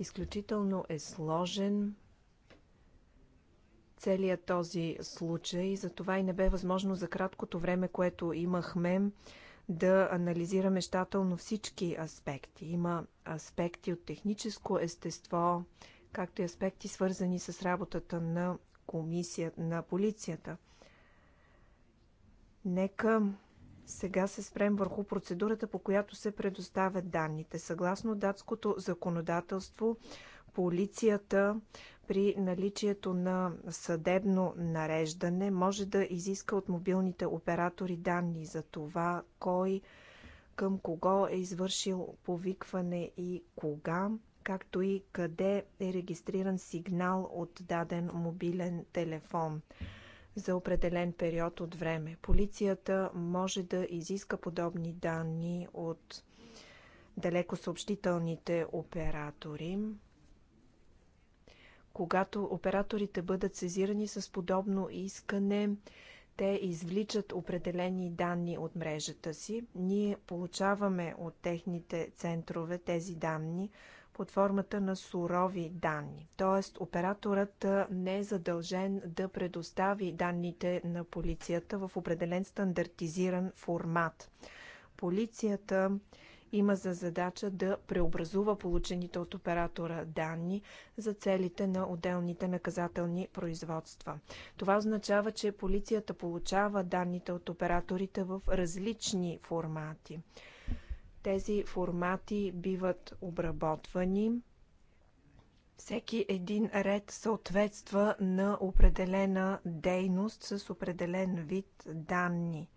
Изключително е сложен целият този случай. Затова и не бе възможно за краткото време, което имахме, да анализираме щателно всички аспекти. Има аспекти от техническо естество, както и аспекти свързани с работата на комисията, на полицията. Нека сега се спрем върху процедурата, по която се предоставят данните. Съгласно датското законодателство, полицията при наличието на съдебно нареждане може да изиска от мобилните оператори данни за това кой към кого е извършил повикване и кога, както и къде е регистриран сигнал от даден мобилен телефон за определен период от време. Полицията може да изиска подобни данни от далекосъобщителните оператори. Когато операторите бъдат сезирани с подобно искане, те извличат определени данни от мрежата си. Ние получаваме от техните центрове тези данни под формата на сурови данни. Тоест, операторът не е задължен да предостави данните на полицията в определен стандартизиран формат. Полицията има за задача да преобразува получените от оператора данни за целите на отделните наказателни производства. Това означава, че полицията получава данните от операторите в различни формати. Тези формати биват обработвани. Всеки един ред съответства на определена дейност с определен вид данни.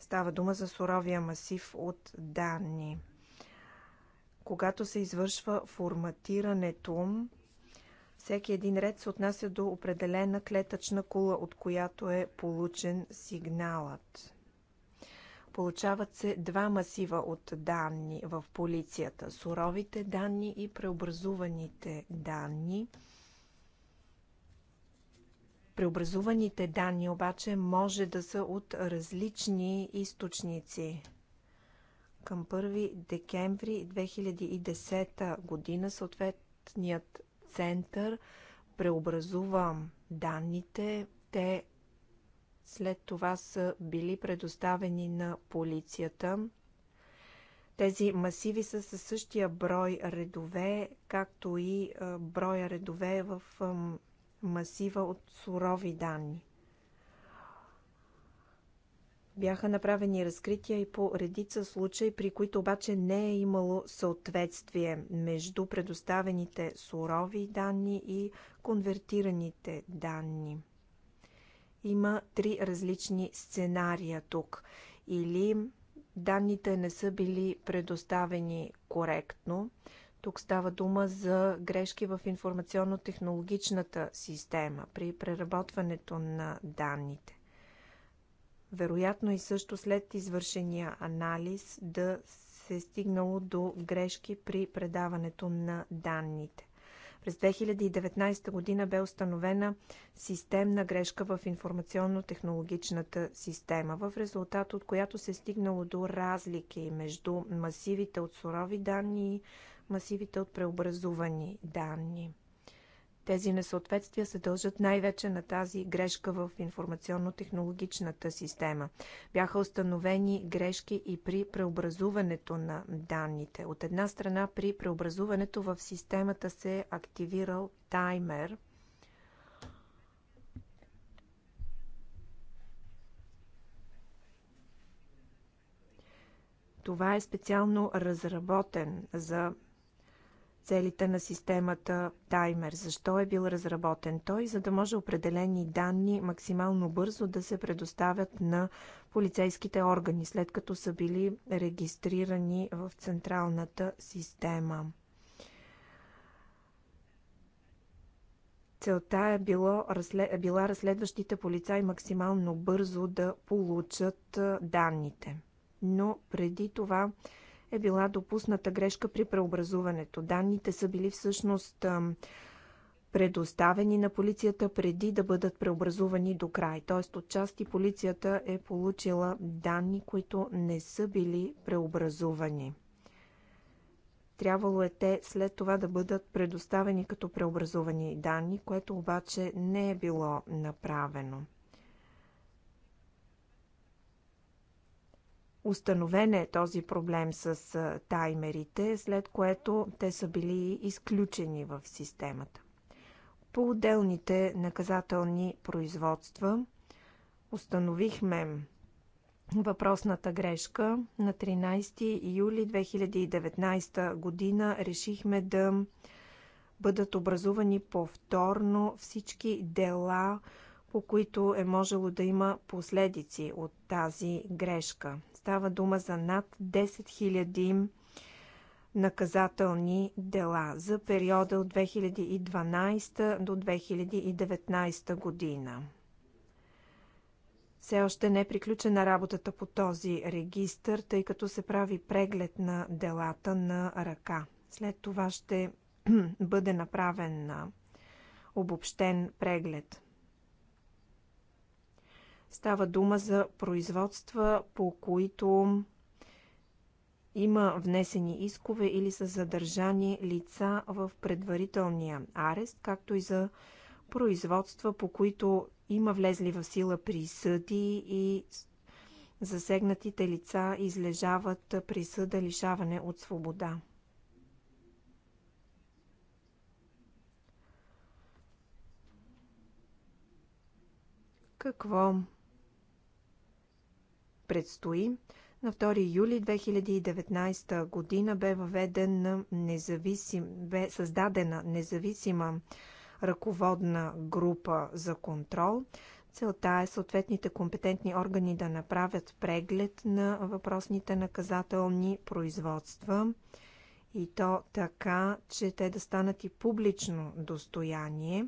Става дума за суровия масив от данни. Когато се извършва форматирането, всеки един ред се отнася до определена клетъчна кула, от която е получен сигналът. Получават се два масива от данни в полицията суровите данни и преобразуваните данни – Преобразуваните данни обаче може да са от различни източници. Към 1 декември 2010 година съответният център преобразува данните. Те след това са били предоставени на полицията. Тези масиви са със същия брой редове, както и броя редове в масива от сурови данни. Бяха направени разкрития и по редица случаи, при които обаче не е имало съответствие между предоставените сурови данни и конвертираните данни. Има три различни сценария тук. Или данните не са били предоставени коректно, тук става дума за грешки в информационно-технологичната система при преработването на данните. Вероятно и също след извършения анализ да се е стигнало до грешки при предаването на данните. През 2019 година бе установена системна грешка в информационно-технологичната система, в резултат от която се е стигнало до разлики между масивите от сурови данни и масивите от преобразувани данни. Тези несъответствия се дължат най-вече на тази грешка в информационно-технологичната система. Бяха установени грешки и при преобразуването на данните. От една страна, при преобразуването в системата се е активирал таймер. Това е специално разработен за целите на системата Таймер. Защо е бил разработен той? За да може определени данни максимално бързо да се предоставят на полицейските органи, след като са били регистрирани в централната система. Целта е било, е била разследващите полицаи максимално бързо да получат данните. Но преди това е била допусната грешка при преобразуването. Данните са били всъщност предоставени на полицията преди да бъдат преобразувани до край. Тоест, отчасти полицията е получила данни, които не са били преобразувани. Трябвало е те след това да бъдат предоставени като преобразувани данни, което обаче не е било направено. Установен е този проблем с таймерите, след което те са били изключени в системата. По отделните наказателни производства установихме въпросната грешка. На 13 юли 2019 година решихме да бъдат образувани повторно всички дела, по които е можело да има последици от тази грешка. Става дума за над 10 000 наказателни дела за периода от 2012 до 2019 година. Все още не е приключена работата по този регистр, тъй като се прави преглед на делата на ръка. След това ще бъде направен обобщен преглед Става дума за производства, по които има внесени искове или са задържани лица в предварителния арест, както и за производства, по които има влезли в сила присъди и засегнатите лица излежават присъда лишаване от свобода. Какво предстои. На 2 юли 2019 година бе независим, бе създадена независима ръководна група за контрол. Целта е съответните компетентни органи да направят преглед на въпросните наказателни производства и то така, че те да станат и публично достояние.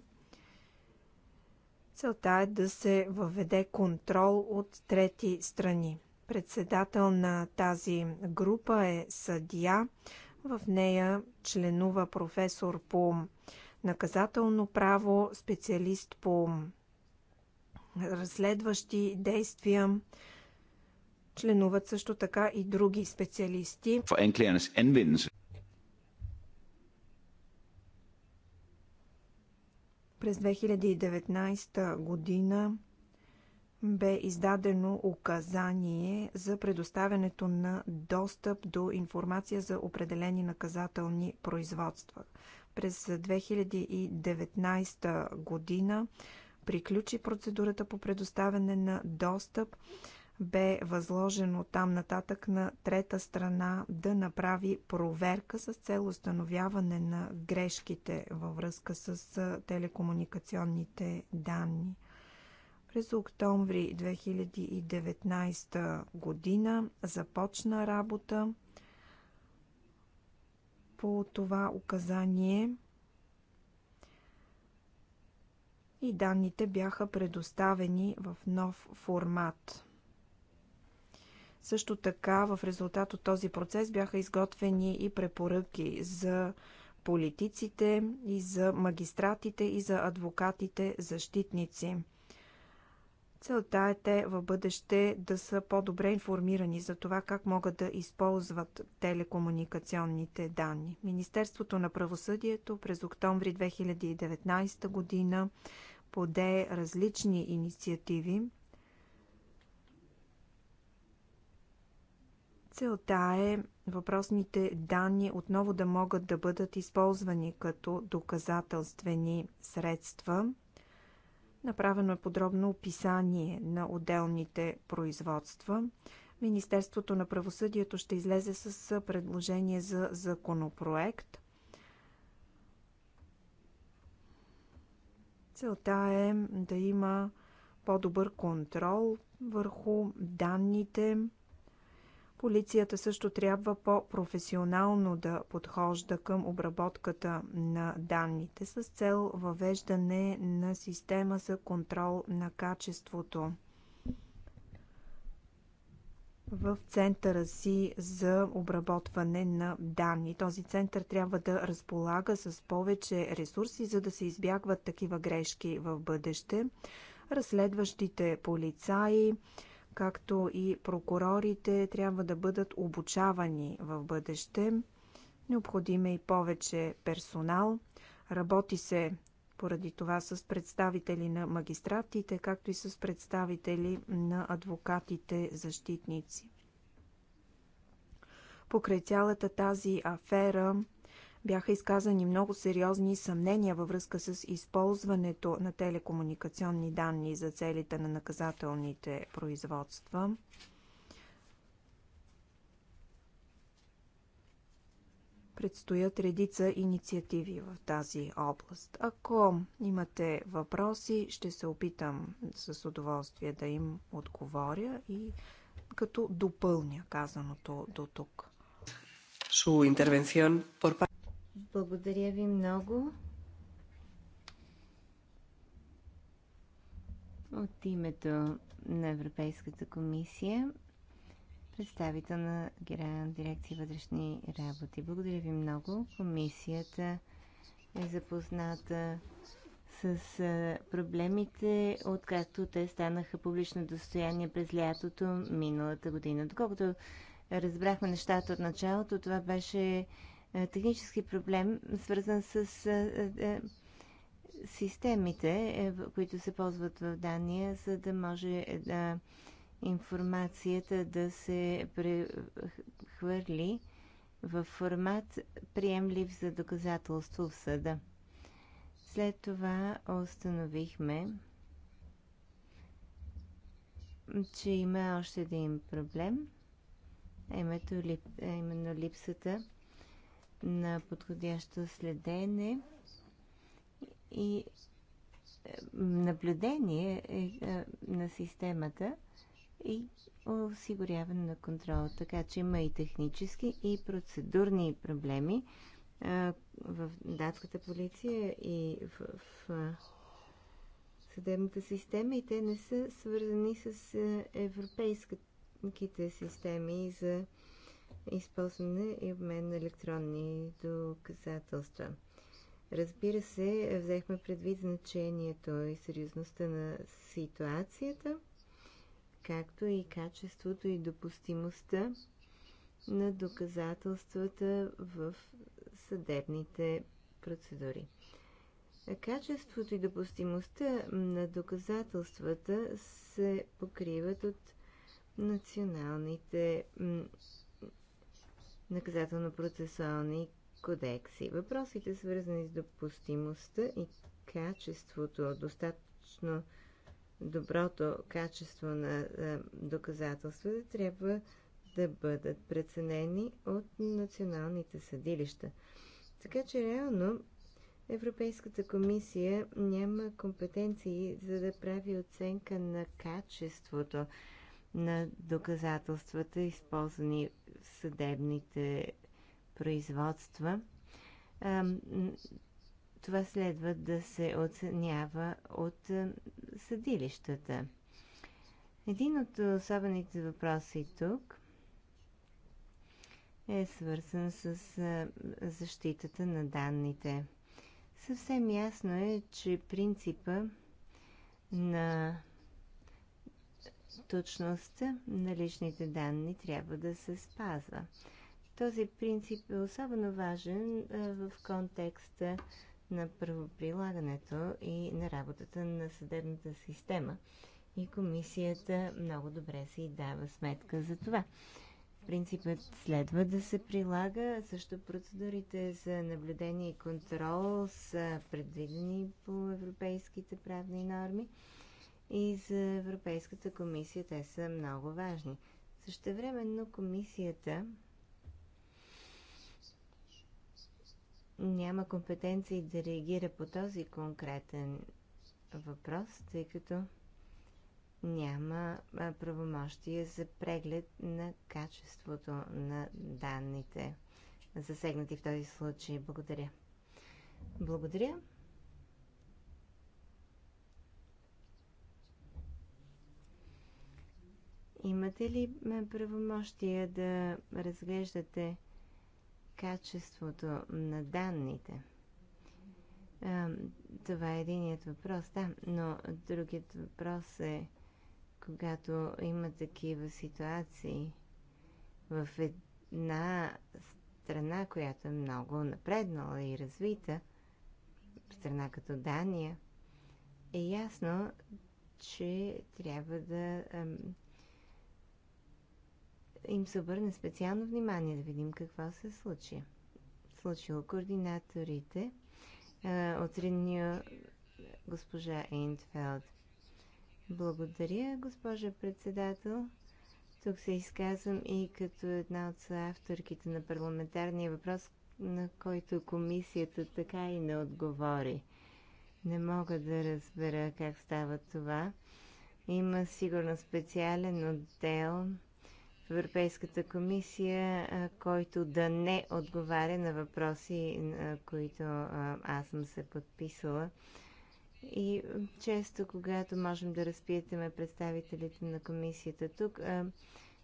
Целта е да се въведе контрол от трети страни. Председател на тази група е съдия. В нея членува професор по наказателно право, специалист по разследващи действия. Членуват също така и други специалисти. През 2019 година бе издадено указание за предоставянето на достъп до информация за определени наказателни производства. През 2019 година приключи процедурата по предоставяне на достъп бе възложено там нататък на трета страна да направи проверка с цел установяване на грешките във връзка с телекомуникационните данни. През октомври 2019 година започна работа по това указание и данните бяха предоставени в нов формат. Също така, в резултат от този процес бяха изготвени и препоръки за политиците, и за магистратите, и за адвокатите, защитници. Целта е те в бъдеще да са по-добре информирани за това как могат да използват телекомуникационните данни. Министерството на правосъдието през октомври 2019 година поде различни инициативи, Целта е въпросните данни отново да могат да бъдат използвани като доказателствени средства. Направено е подробно описание на отделните производства. Министерството на правосъдието ще излезе с предложение за законопроект. Целта е да има по-добър контрол върху данните, Полицията също трябва по-професионално да подхожда към обработката на данните с цел въвеждане на система за контрол на качеството. В центъра си за обработване на данни. Този център трябва да разполага с повече ресурси, за да се избягват такива грешки в бъдеще. Разследващите полицаи, както и прокурорите трябва да бъдат обучавани в бъдеще. Необходим е и повече персонал. Работи се поради това с представители на магистратите, както и с представители на адвокатите-защитници. Покрай цялата тази афера бяха изказани много сериозни съмнения във връзка с използването на телекомуникационни данни за целите на наказателните производства. Предстоят редица инициативи в тази област. Ако имате въпроси, ще се опитам с удоволствие да им отговоря и като допълня казаното до тук su благодаря ви много. От името на Европейската комисия, представител на Генерална дирекция вътрешни работи. Благодаря ви много. Комисията е запозната с проблемите, откакто те станаха публично достояние през лятото миналата година. Доколкото разбрахме нещата от началото, това беше е, технически проблем, свързан с е, е, системите, които се ползват в Дания, за да може да информацията да се прехвърли в формат приемлив за доказателство в съда. След това установихме, че има още един проблем, именно липсата на подходящо следене и е, наблюдение е, е, на системата и осигуряване на контрол. Така че има и технически, и процедурни проблеми в датската полиция и в, в съдебната система и те не са свързани с европейските системи за използване и обмен на електронни доказателства. Разбира се, взехме предвид значението и сериозността на ситуацията, както и качеството и допустимостта на доказателствата в съдебните процедури. Качеството и допустимостта на доказателствата се покриват от националните наказателно-процесуални кодекси. Въпросите, свързани с допустимостта и качеството, достатъчно доброто качество на е, доказателства, трябва да бъдат преценени от националните съдилища. Така че реално Европейската комисия няма компетенции за да прави оценка на качеството на доказателствата, използвани в съдебните производства. Това следва да се оценява от съдилищата. Един от особените въпроси тук е свързан с защитата на данните. Съвсем ясно е, че принципа на точността на личните данни трябва да се спазва. Този принцип е особено важен в контекста на правоприлагането и на работата на съдебната система. И комисията много добре си дава сметка за това. Принципът следва да се прилага, също процедурите за наблюдение и контрол са предвидени по европейските правни норми и за Европейската комисия те са много важни. Същевременно комисията няма компетенции да реагира по този конкретен въпрос, тъй като няма правомощие за преглед на качеството на данните, засегнати в този случай. Благодаря. Благодаря. Имате ли правомощия да разглеждате качеството на данните? Това е единият въпрос, да, но другият въпрос е, когато има такива ситуации в една страна, която е много напреднала и развита, страна като Дания, е ясно, че трябва да им се обърне специално внимание, да видим какво се случи. Случило координаторите е, от Риньо госпожа Ейнфелд. Благодаря, госпожа председател. Тук се изказвам и като една от авторките на парламентарния въпрос, на който комисията така и не отговори. Не мога да разбера как става това. Има сигурно специален отдел Европейската комисия, който да не отговаря на въпроси, на които аз съм се подписала. И често, когато можем да разпитаме представителите на комисията тук,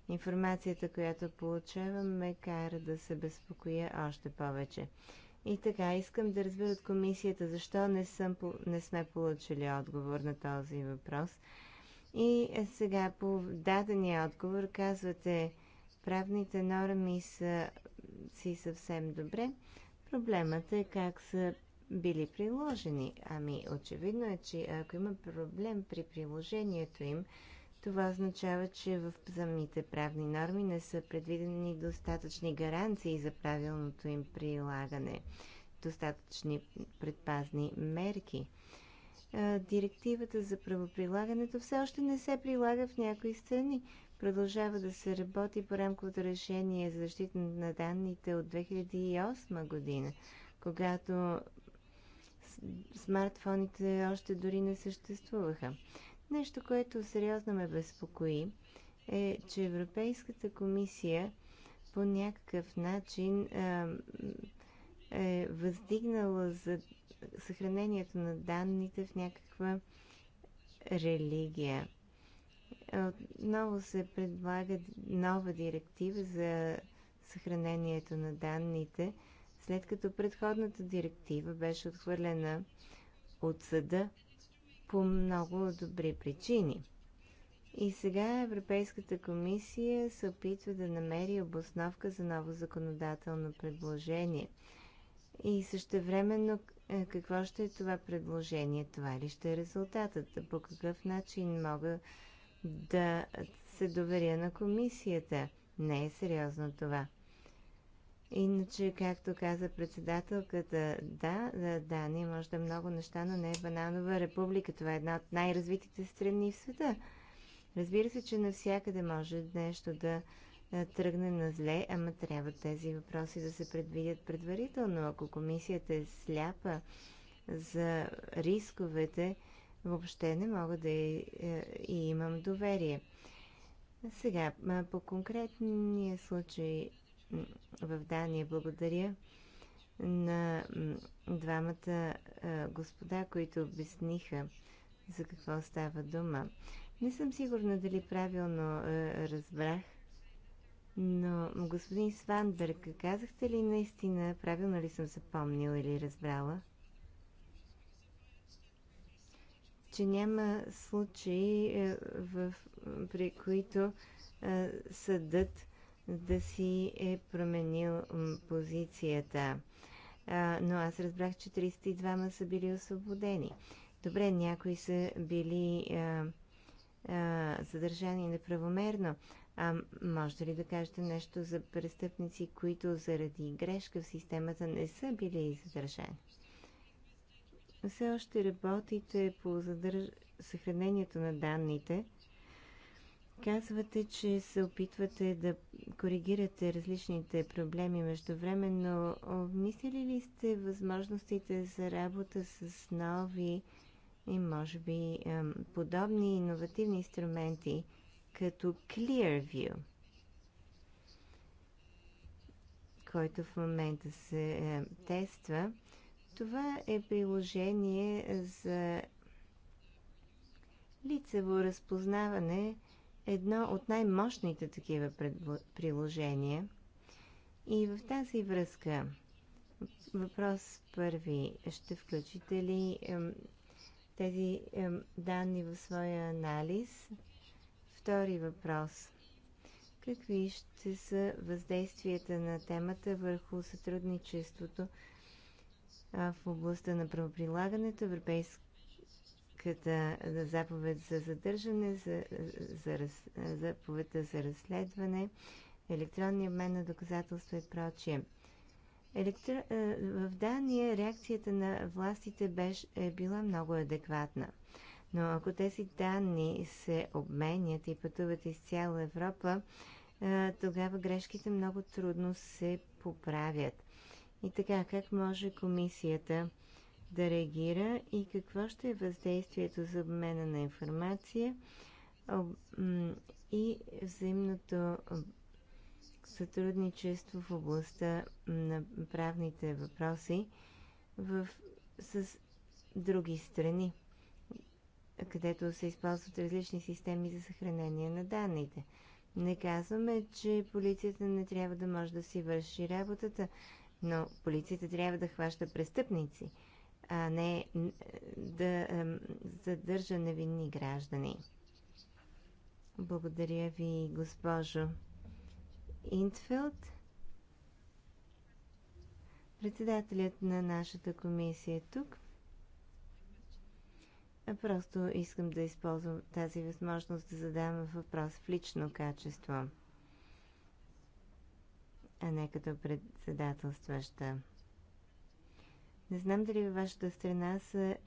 информацията, която получавам, ме кара да се безпокоя още повече. И така, искам да разбера от комисията защо не, съм, не сме получили отговор на този въпрос – и сега по дадения отговор казвате, правните норми са си съвсем добре. Проблемът е как са били приложени. Ами, очевидно е, че ако има проблем при приложението им, това означава, че в самите правни норми не са предвидени достатъчни гаранции за правилното им прилагане, достатъчни предпазни мерки директивата за правоприлагането все още не се прилага в някои страни. Продължава да се работи по рамковото решение за защита на данните от 2008 година, когато смартфоните още дори не съществуваха. Нещо, което сериозно ме безпокои, е, че Европейската комисия по някакъв начин е въздигнала за съхранението на данните в някаква религия. Отново се предлага нова директива за съхранението на данните, след като предходната директива беше отхвърлена от съда по много добри причини. И сега Европейската комисия се опитва да намери обосновка за ново законодателно предложение. И същевременно е, какво ще е това предложение, това ли ще е резултатът, по какъв начин мога да се доверя на комисията. Не е сериозно това. Иначе, както каза председателката, да, да, да, не може да много неща, но не е бананова република. Това е една от най-развитите страни в света. Разбира се, че навсякъде може нещо да е, тръгне на зле, ама трябва тези въпроси да се предвидят предварително. Ако комисията е сляпа за рисковете, въобще не мога да и, е, и имам доверие. Сега, по конкретния случай в Дания благодаря на двамата господа, които обясниха за какво става дума. Не съм сигурна дали правилно разбрах но, господин Сванберг, казахте ли наистина, правилно ли съм запомнил или разбрала, че няма случаи, е, в, при които е, съдът да си е променил позицията. Но аз разбрах, че 32 ма са били освободени. Добре, някои са били а, е, а, задържани неправомерно, а можете ли да кажете нещо за престъпници, които заради грешка в системата не са били задържани? Все още работите по задърж... съхранението на данните. Казвате, че се опитвате да коригирате различните проблеми междувременно. мислили ли сте възможностите за работа с нови и може би подобни иновативни инструменти? като Clearview, който в момента се е, тества. Това е приложение за лицево разпознаване, едно от най-мощните такива приложения. И в тази връзка Въпрос първи. Ще включите ли е, тези е, данни в своя анализ? Втори въпрос. Какви ще са въздействията на темата върху сътрудничеството в областта на правоприлагането, Европейската заповед за задържане, за, за, заповедта за разследване, електронния обмен на доказателства и прочие? Електро... В Дания реакцията на властите беше, е била много адекватна – но ако тези данни се обменят и пътуват из цяла Европа, тогава грешките много трудно се поправят. И така, как може комисията да реагира и какво ще е въздействието за обмена на информация и взаимното сътрудничество в областта на правните въпроси в, с други страни? където се използват различни системи за съхранение на данните. Не казваме, че полицията не трябва да може да си върши работата, но полицията трябва да хваща престъпници, а не да задържа невинни граждани. Благодаря ви, госпожо Интфилд. Председателят на нашата комисия е тук. Просто искам да използвам тази възможност да задам въпрос в лично качество, а не като председателстваща. Не знам дали във вашата страна е,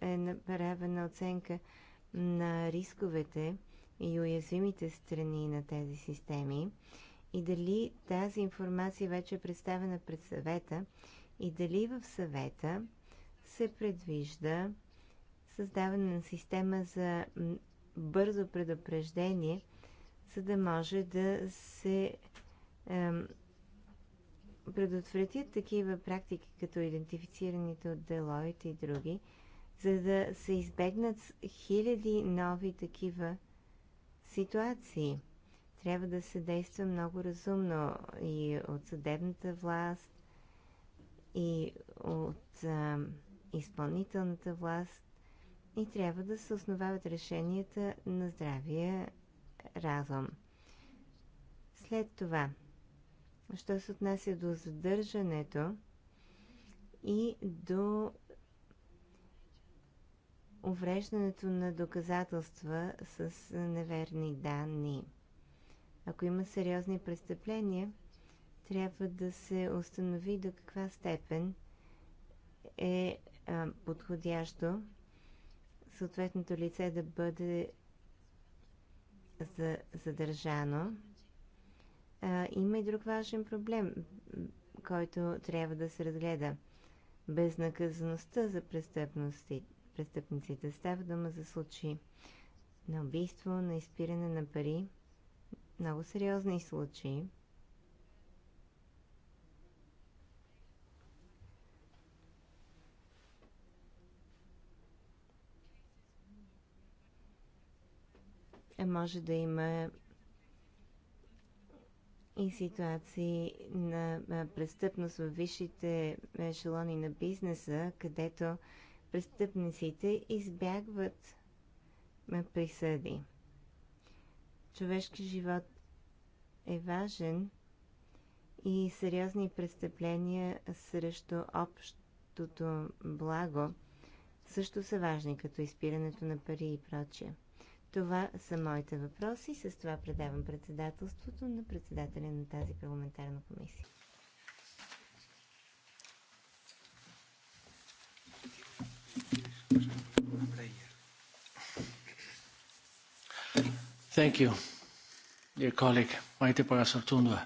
е направена оценка на рисковете и уязвимите страни на тези системи и дали тази информация вече е представена пред съвета и дали в съвета се предвижда създаване на система за бързо предупреждение, за да може да се е, предотвратят такива практики, като идентифицираните от делоите и други, за да се избегнат хиляди нови такива ситуации. Трябва да се действа много разумно и от съдебната власт, и от а, изпълнителната власт, и трябва да се основават решенията на здравия разум. След това, що се отнася до задържането и до увреждането на доказателства с неверни данни. Ако има сериозни престъпления, трябва да се установи до каква степен е подходящо съответното лице да бъде задържано. Има и друг важен проблем, който трябва да се разгледа. Безнаказаността за престъпниците. Става дума за случаи на убийство, на изпиране на пари, много сериозни случаи. Е, може да има и ситуации на престъпност в висшите ешелони на бизнеса, където престъпниците избягват присъди. Човешки живот е важен и сериозни престъпления срещу общото благо също са важни, като изпирането на пари и прочие. Това са моите въпроси. С това предавам председателството на председателя на тази парламентарна комисия. Thank you, dear colleague Maite Parasartundua,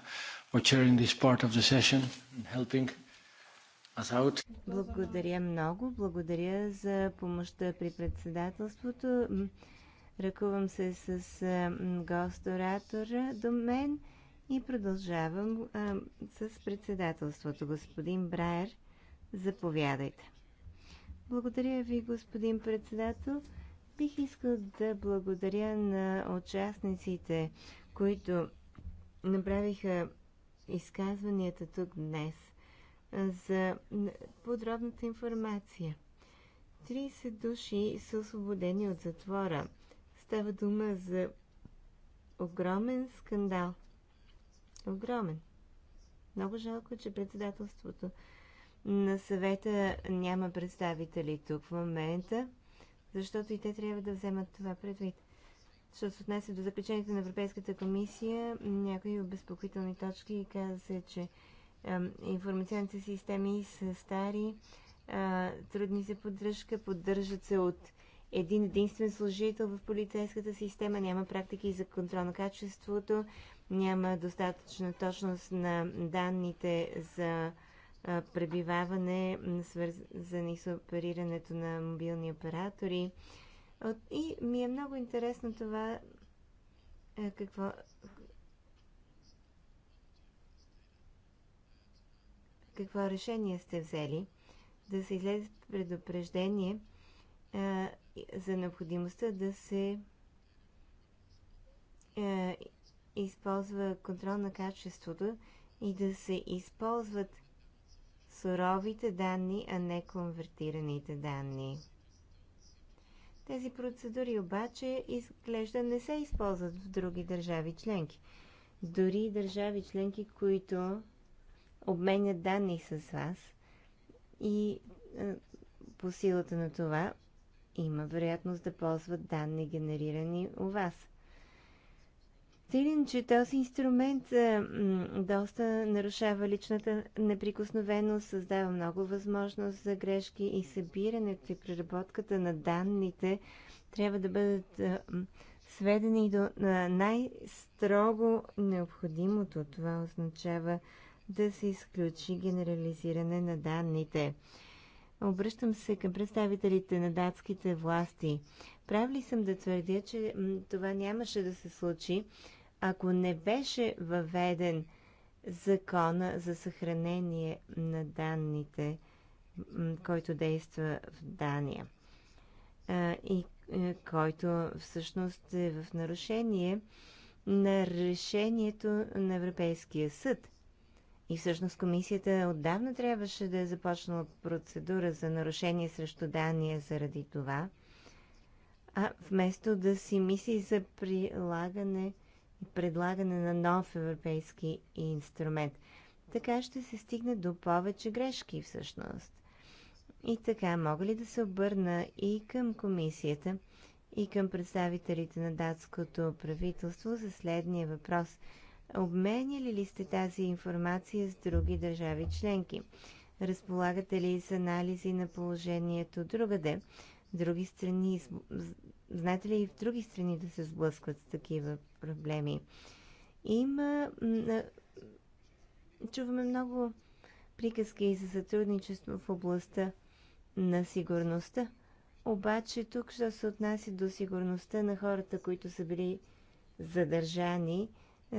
for chairing this part of the session and helping us out. Благодаря много. Благодаря за помощта при председателството. Ръкувам се с гост-оратора до мен и продължавам а, с председателството. Господин Брайер, заповядайте. Благодаря ви, господин председател. Бих искал да благодаря на участниците, които направиха изказванията тук днес за подробната информация. 30 души са освободени от затвора Става дума за огромен скандал. Огромен. Много жалко, че председателството на съвета няма представители тук в момента, защото и те трябва да вземат това предвид. Що се отнася до заключението на Европейската комисия, някои обезпокоителни точки каза се, че е, информационните системи са стари, е, трудни за поддръжка, поддържат се от един единствен служител в полицейската система, няма практики за контрол на качеството, няма достатъчна точност на данните за пребиваване, свързани с оперирането на мобилни оператори. И ми е много интересно това е, какво какво решение сте взели да се излезе предупреждение – за необходимостта да се използва контрол на качеството и да се използват суровите данни, а не конвертираните данни. Тези процедури обаче изглежда не се използват в други държави членки. Дори държави членки, които обменят данни с вас и по силата на това има вероятност да ползват данни генерирани у вас. Тилин, че този инструмент е, доста нарушава личната неприкосновеност, създава много възможност за грешки и събирането и преработката на данните трябва да бъдат е, сведени до е, най-строго необходимото. Това означава да се изключи генерализиране на данните. Обръщам се към представителите на датските власти. Прав ли съм да твърдя, че това нямаше да се случи, ако не беше въведен закона за съхранение на данните, който действа в Дания и е, който всъщност е в нарушение на решението на Европейския съд. И всъщност комисията отдавна трябваше да е започнала процедура за нарушение срещу Дания заради това, а вместо да си мисли за прилагане и предлагане на нов европейски инструмент. Така ще се стигне до повече грешки всъщност. И така, мога ли да се обърна и към комисията, и към представителите на датското правителство за следния въпрос – Обменяли ли сте тази информация с други държави членки? Разполагате ли с анализи на положението другаде? Други страни, знаете ли и в други страни да се сблъскват с такива проблеми? Има... Чуваме много приказки за сътрудничество в областта на сигурността. Обаче тук, що се отнася до сигурността на хората, които са били задържани,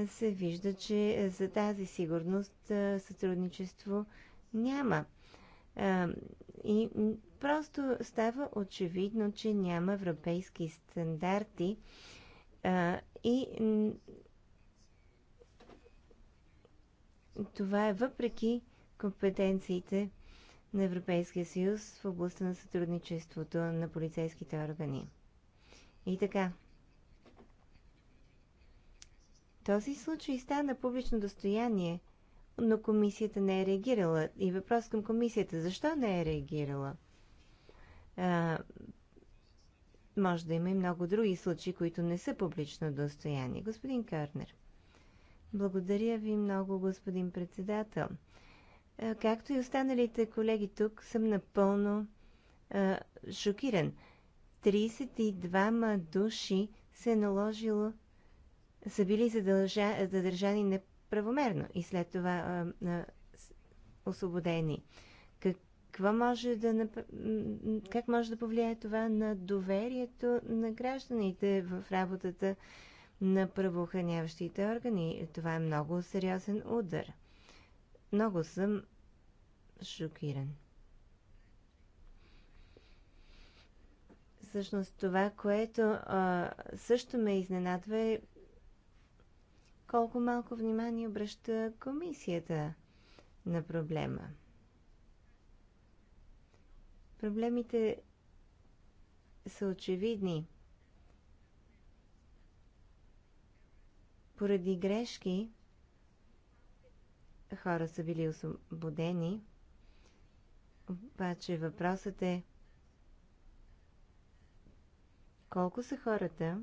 се вижда, че за тази сигурност сътрудничество няма. И просто става очевидно, че няма европейски стандарти и това е въпреки компетенциите на Европейския съюз в областта на сътрудничеството на полицейските органи. И така, този случай стана публично достояние, но комисията не е реагирала. И въпрос към комисията, защо не е реагирала? А, може да има и много други случаи, които не са публично достояние. Господин Карнер. Благодаря ви много, господин председател. Както и останалите колеги тук, съм напълно а, шокиран. 32 души се е наложило са били задължа, задържани неправомерно и след това а, а, освободени. Какво може да, нап... как може да повлияе това на доверието на гражданите в работата на правоохраняващите органи? Това е много сериозен удар. Много съм шокиран. Всъщност това, което а, също ме изненадва е колко малко внимание обръща комисията на проблема. Проблемите са очевидни. Поради грешки хора са били освободени, обаче въпросът е колко са хората,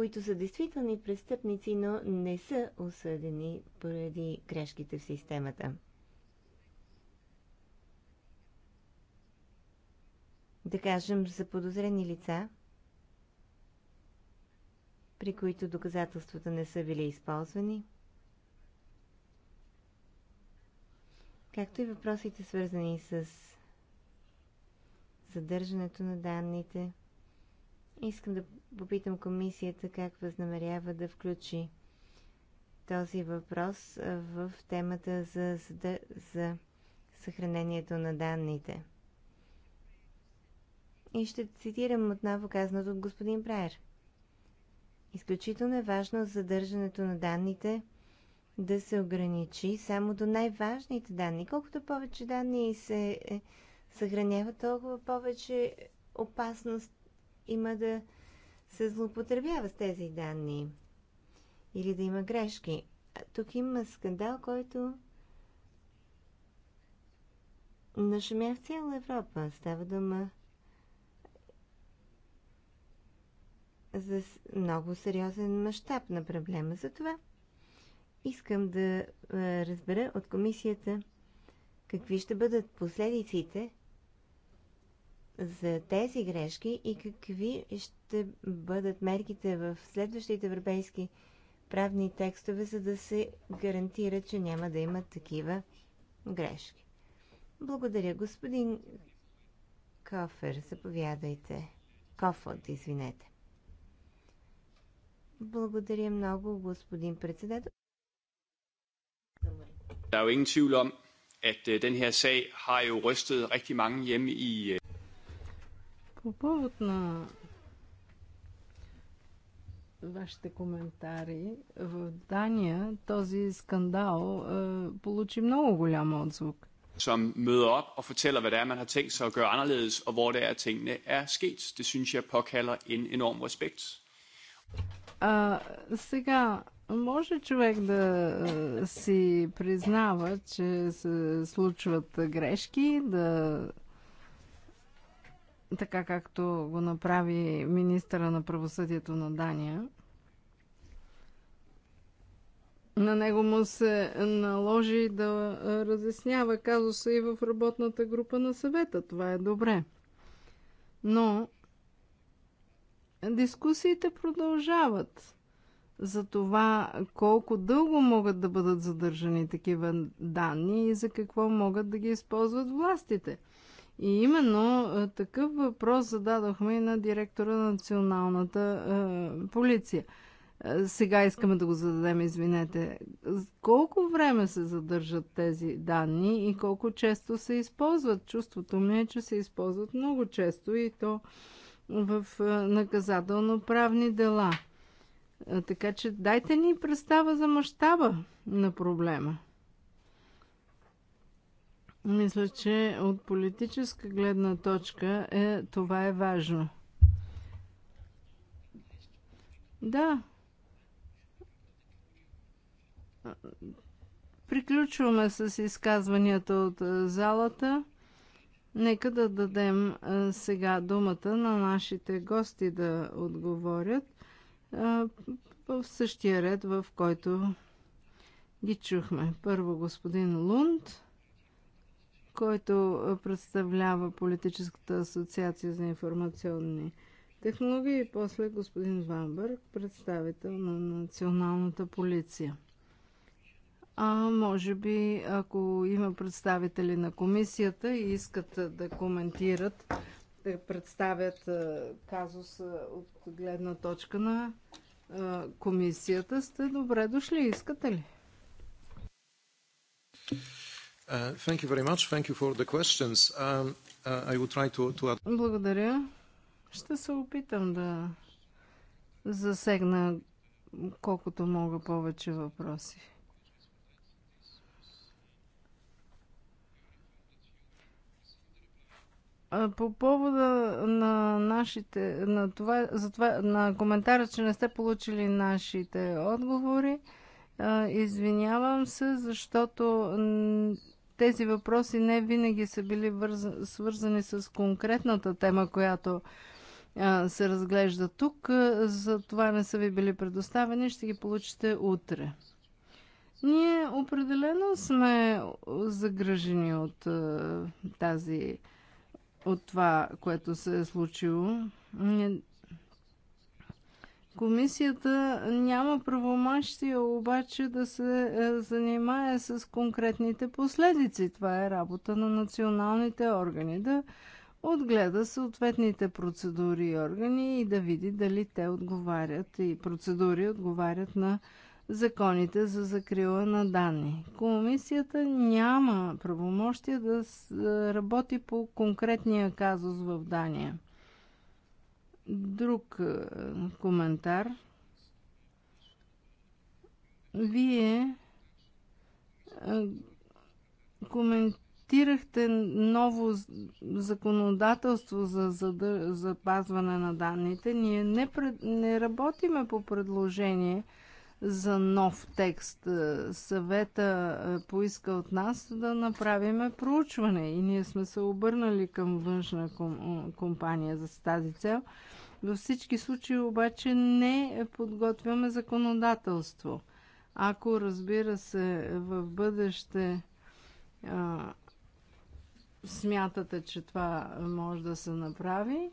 които са действителни престъпници, но не са осъдени поради грешките в системата. Да кажем за подозрени лица, при които доказателствата не са били използвани, както и въпросите свързани с задържането на данните – Искам да попитам комисията как възнамерява да включи този въпрос в темата за, за, за съхранението на данните. И ще цитирам отново казаното от господин Прайер. Изключително е важно задържането на данните да се ограничи само до най-важните данни. Колкото повече данни се е, съхранява, толкова повече опасност има да се злоупотребява с тези данни или да има грешки. А тук има скандал, който нашумя в цяла Европа. Става дума за много сериозен мащаб на проблема. Затова искам да разбера от комисията какви ще бъдат последиците за тези грешки и какви ще бъдат мерките в следващите европейски правни текстове, за да се гарантира, че няма да има такива грешки. Благодаря, господин Кофер. Заповядайте. Кофът, извинете. Благодаря много, господин председател. Der er jo ingen tvivl om, at øh, den her sag har jo rystet rigtig mange hjemme i øh, по повод на вашите коментари, в Дания този скандал е, получи много голям отзвук. Som møder op og fortæller, hvad det er, man har tænkt sig at gøre anderledes, og hvor det er, tingene er sket. Det synes jeg påkalder en enorm respekt. А, сега, може човек да си признава, че се случват грешки, да така както го направи министъра на правосъдието на Дания. На него му се наложи да разяснява казуса и в работната група на съвета. Това е добре. Но дискусиите продължават за това колко дълго могат да бъдат задържани такива данни и за какво могат да ги използват властите – и именно такъв въпрос зададохме и на директора на националната а, полиция. Сега искаме да го зададем, извинете. Колко време се задържат тези данни и колко често се използват? Чувството ми е, че се използват много често и то в наказателно-правни дела. Така че дайте ни представа за мащаба на проблема. Мисля, че от политическа гледна точка е, това е важно. Да. Приключваме с изказванията от залата. Нека да дадем сега думата на нашите гости да отговорят в същия ред, в който ги чухме. Първо господин Лунд който представлява Политическата асоциация за информационни технологии и после господин Ванберг, представител на националната полиция. А може би, ако има представители на комисията и искат да коментират, да представят казуса от гледна точка на комисията, сте добре дошли. Искате ли? Uh, thank you very much. Thank you for the questions. Um, uh, I will try to, to... Благодаря. Ще се опитам да засегна колкото мога повече въпроси. По повода на нашите, на, това, за това, на коментара, че не сте получили нашите отговори, извинявам се, защото тези въпроси не винаги са били свързани с конкретната тема, която се разглежда тук. За това не са ви били предоставени. Ще ги получите утре. Ние определено сме загръжени от тази от това, което се е случило. Ние Комисията няма правомащия обаче да се е, занимае с конкретните последици. Това е работа на националните органи. Да отгледа съответните процедури и органи и да види дали те отговарят и процедури отговарят на законите за закрила на данни. Комисията няма правомощия да е, работи по конкретния казус в Дания. Друг е, коментар. Вие е, коментирахте ново законодателство за запазване на данните. Ние не, пред, не работиме по предложение за нов текст. Е, съвета поиска от нас да направиме проучване и ние сме се обърнали към външна компания за тази цел. Във всички случаи обаче не подготвяме законодателство. Ако, разбира се, в бъдеще а, смятате, че това може да се направи,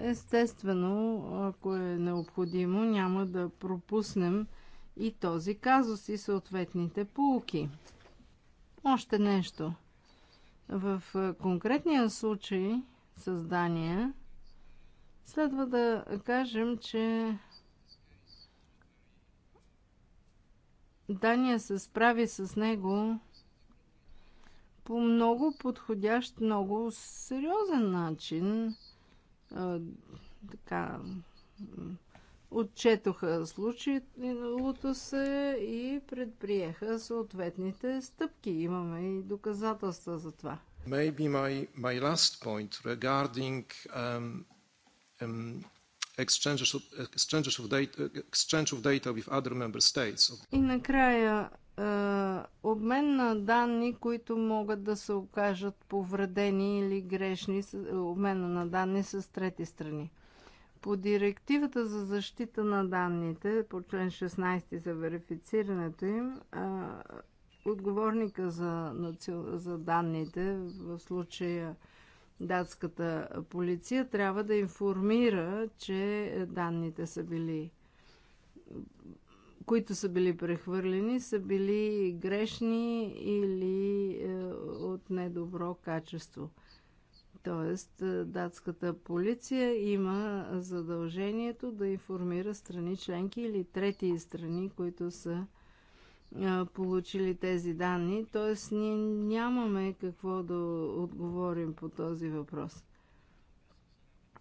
естествено, ако е необходимо, няма да пропуснем и този казус и съответните полуки. Още нещо. В конкретния случай създания Следва да кажем, че Дания се справи с него по много подходящ, много сериозен начин. така, отчетоха случилото се и предприеха съответните стъпки. Имаме и доказателства за това. Maybe my, my last point regarding um, Um, exchanges of, exchanges of data, exchange of data with other member states. И накрая е, обмен на данни, които могат да се окажат повредени или грешни, обмена на данни с трети страни. По директивата за защита на данните, по член 16 за верифицирането им, е, отговорника за, за данните, в случая датската полиция трябва да информира, че данните са били които са били прехвърлени, са били грешни или е, от недобро качество. Тоест, е, датската полиция има задължението да информира страни членки или трети страни, които са получили тези данни, т.е. ние нямаме какво да отговорим по този въпрос.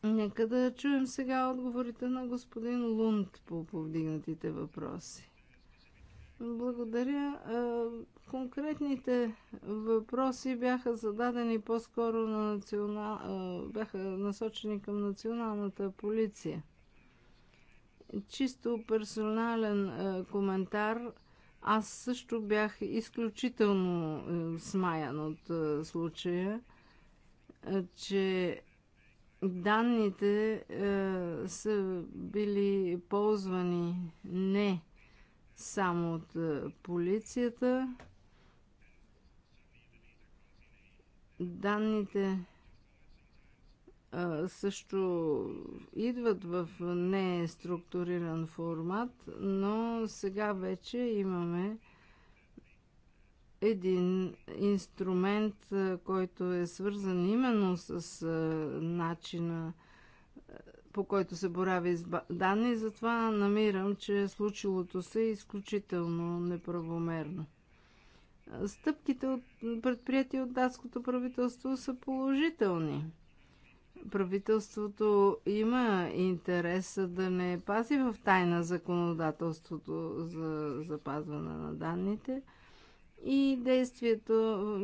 Нека да чуем сега отговорите на господин Лунд по повдигнатите въпроси. Благодаря. Конкретните въпроси бяха зададени по-скоро на национал... бяха насочени към националната полиция. Чисто персонален коментар – аз също бях изключително е, смаян от е, случая, е, че данните са били ползвани не само от полицията, данните също идват в неструктуриран формат, но сега вече имаме един инструмент, който е свързан именно с начина по който се борави с данни, затова намирам, че случилото се е изключително неправомерно. Стъпките от предприятия от датското правителство са положителни правителството има интерес да не пази в тайна законодателството за запазване на данните и действието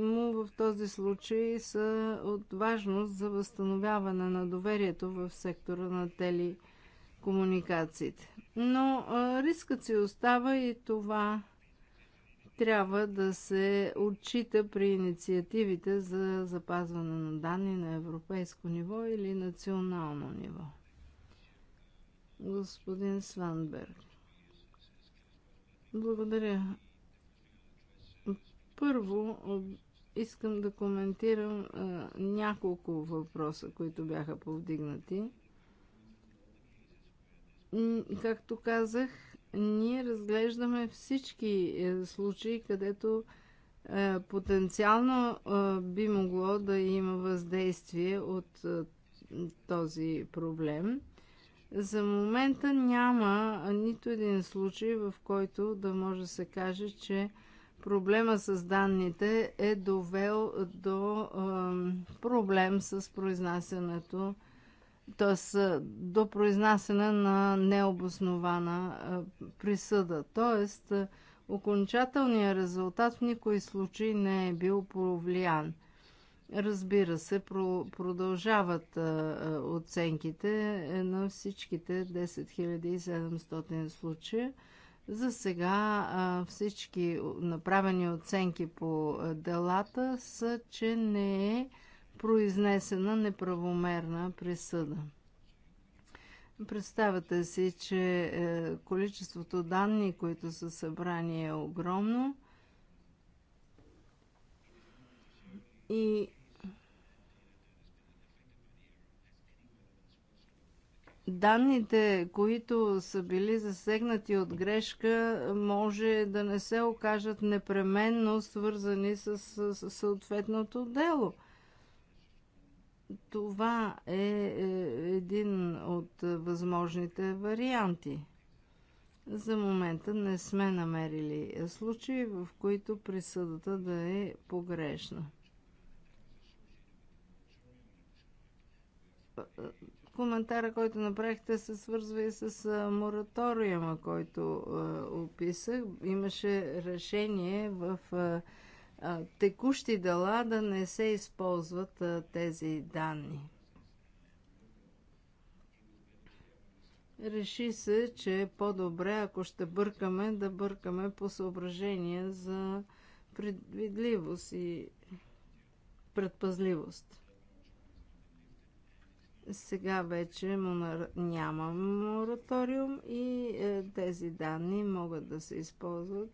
му в този случай са от важност за възстановяване на доверието в сектора на телекомуникациите. Но рискът си остава и това трябва да се отчита при инициативите за запазване на данни на европейско ниво или национално ниво. Господин Сванберг. Благодаря. Първо искам да коментирам а, няколко въпроса, които бяха повдигнати. Както казах, ние разглеждаме всички е, случаи, където е, потенциално е, би могло да има въздействие от този проблем. За момента няма нито един случай, в който да може да се каже, че проблема с данните е довел до проблем с произнасянето т.е. до произнасяне на необоснована присъда. Т.е. окончателният резултат в никой случай не е бил повлиян. Разбира се, продължават оценките е, на всичките 10 700 случая. За сега всички направени оценки по делата са, че не е произнесена неправомерна присъда. Представете си, че е, количеството данни, които са събрани е огромно и данните, които са били засегнати от грешка, може да не се окажат непременно свързани с съответното дело – това е, е един от възможните варианти. За момента не сме намерили случаи, в които присъдата да е погрешна. Коментара, който направихте, се свързва и с мораториума, който описах. Имаше решение в текущи дела да не се използват тези данни. Реши се, че е по-добре, ако ще бъркаме, да бъркаме по съображение за предвидливост и предпазливост. Сега вече няма мораториум и е, тези данни могат да се използват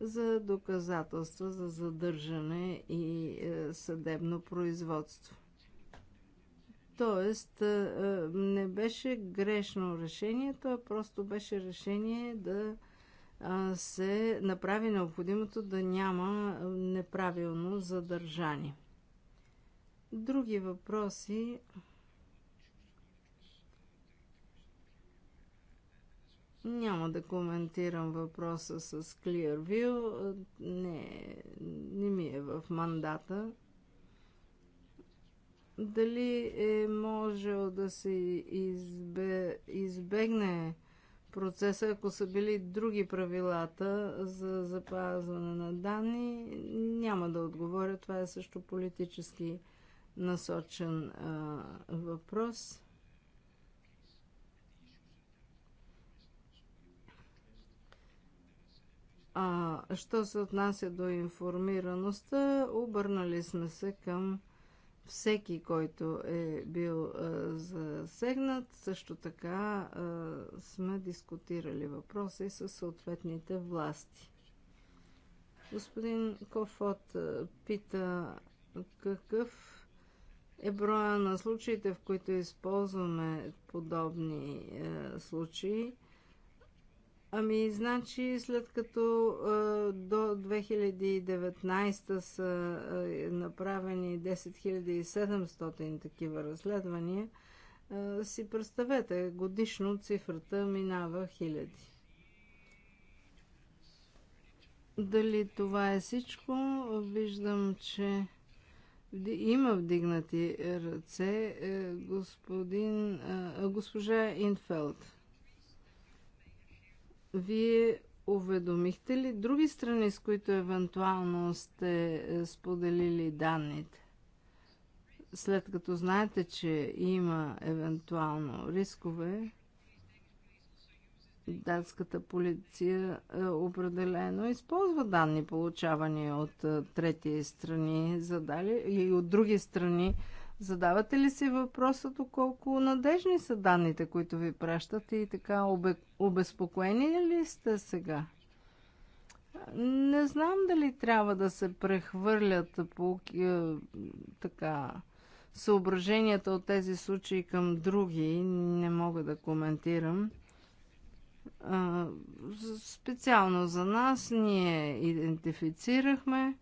за доказателства за задържане и е, съдебно производство. Тоест, е, е, не беше грешно решението, а просто беше решение да се направи необходимото да няма неправилно задържание. Други въпроси Няма да коментирам въпроса с Clearview. Не, не ми е в мандата. Дали е можел да се избе, избегне процеса, ако са били други правилата за запазване на данни, няма да отговоря. Това е също политически насочен а, въпрос. А, що се отнася до информираността, обърнали сме се към всеки, който е бил а, засегнат. Също така а, сме дискутирали въпроса и със съответните власти. Господин Кофот пита какъв е броя на случаите, в които използваме подобни е, случаи. Ами, значи, след като а, до 2019 са а, направени 700 такива разследвания, а, си представете, годишно цифрата минава хиляди. Дали това е всичко? Виждам, че има вдигнати ръце е, господин, госпожа Инфелд. Вие уведомихте ли други страни, с които евентуално сте е, споделили данните? След като знаете, че има евентуално рискове, датската полиция е, определено използва данни, получавани от е, трети страни задали, и от други страни, Задавате ли си въпроса доколко надежни са данните, които ви пращат, и така обе... обезпокоени ли сте сега? Не знам дали трябва да се прехвърлят по, е, така, съображенията от тези случаи към други. Не мога да коментирам. Е, специално за нас ние идентифицирахме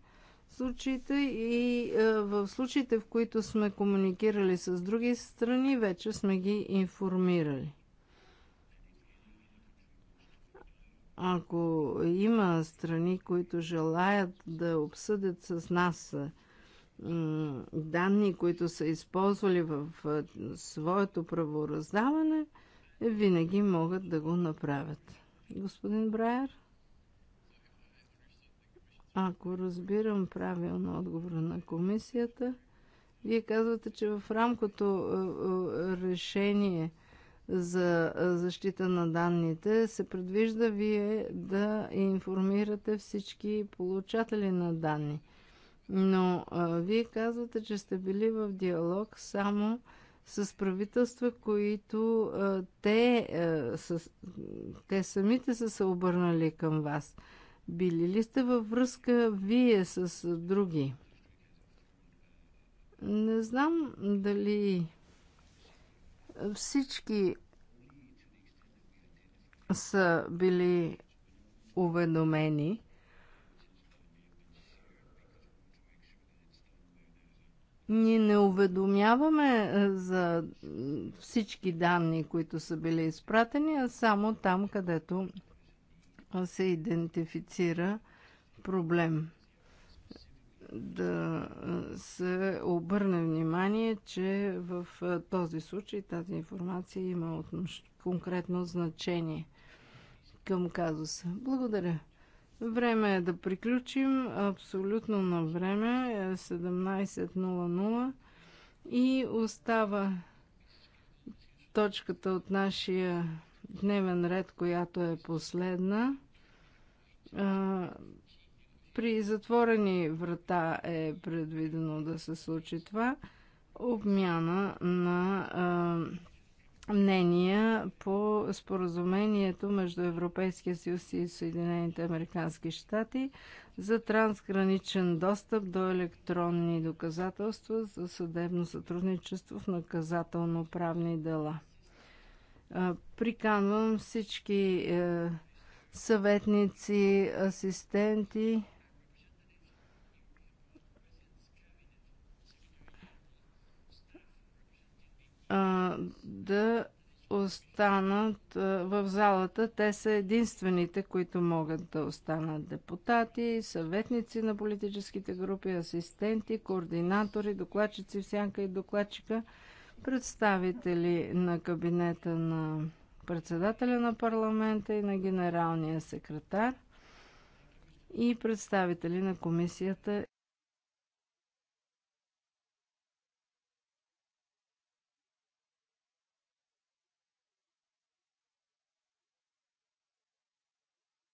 случаите и е, в случаите, в които сме комуникирали с други страни, вече сме ги информирали. Ако има страни, които желаят да обсъдят с нас е, данни, които са използвали в своето правораздаване, винаги могат да го направят. Господин Брайер? Ако разбирам правилно отговора на комисията, вие казвате, че в рамкото е, е, решение за е, защита на данните се предвижда вие да информирате всички получатели на данни. Но вие казвате, че сте били в диалог само с правителства, които те, те самите са се обърнали към вас. Били ли сте във връзка вие с други? Не знам дали всички са били уведомени. Ние не уведомяваме е, за всички данни, които са били изпратени, а само там, където се идентифицира проблем. Да се обърне внимание, че в този случай тази информация има отнош... конкретно значение към казуса. Благодаря. Време е да приключим абсолютно на време. Е 17.00 и остава точката от нашия дневен ред, която е последна. При затворени врата е предвидено да се случи това. Обмяна на мнения по споразумението между Европейския съюз и Съединените Американски щати за трансграничен достъп до електронни доказателства за съдебно сътрудничество в наказателно-правни дела. Приканвам всички е, съветници, асистенти. да останат в залата. Те са единствените, които могат да останат депутати, съветници на политическите групи, асистенти, координатори, докладчици, сянка и докладчика, представители на кабинета на председателя на парламента и на генералния секретар и представители на комисията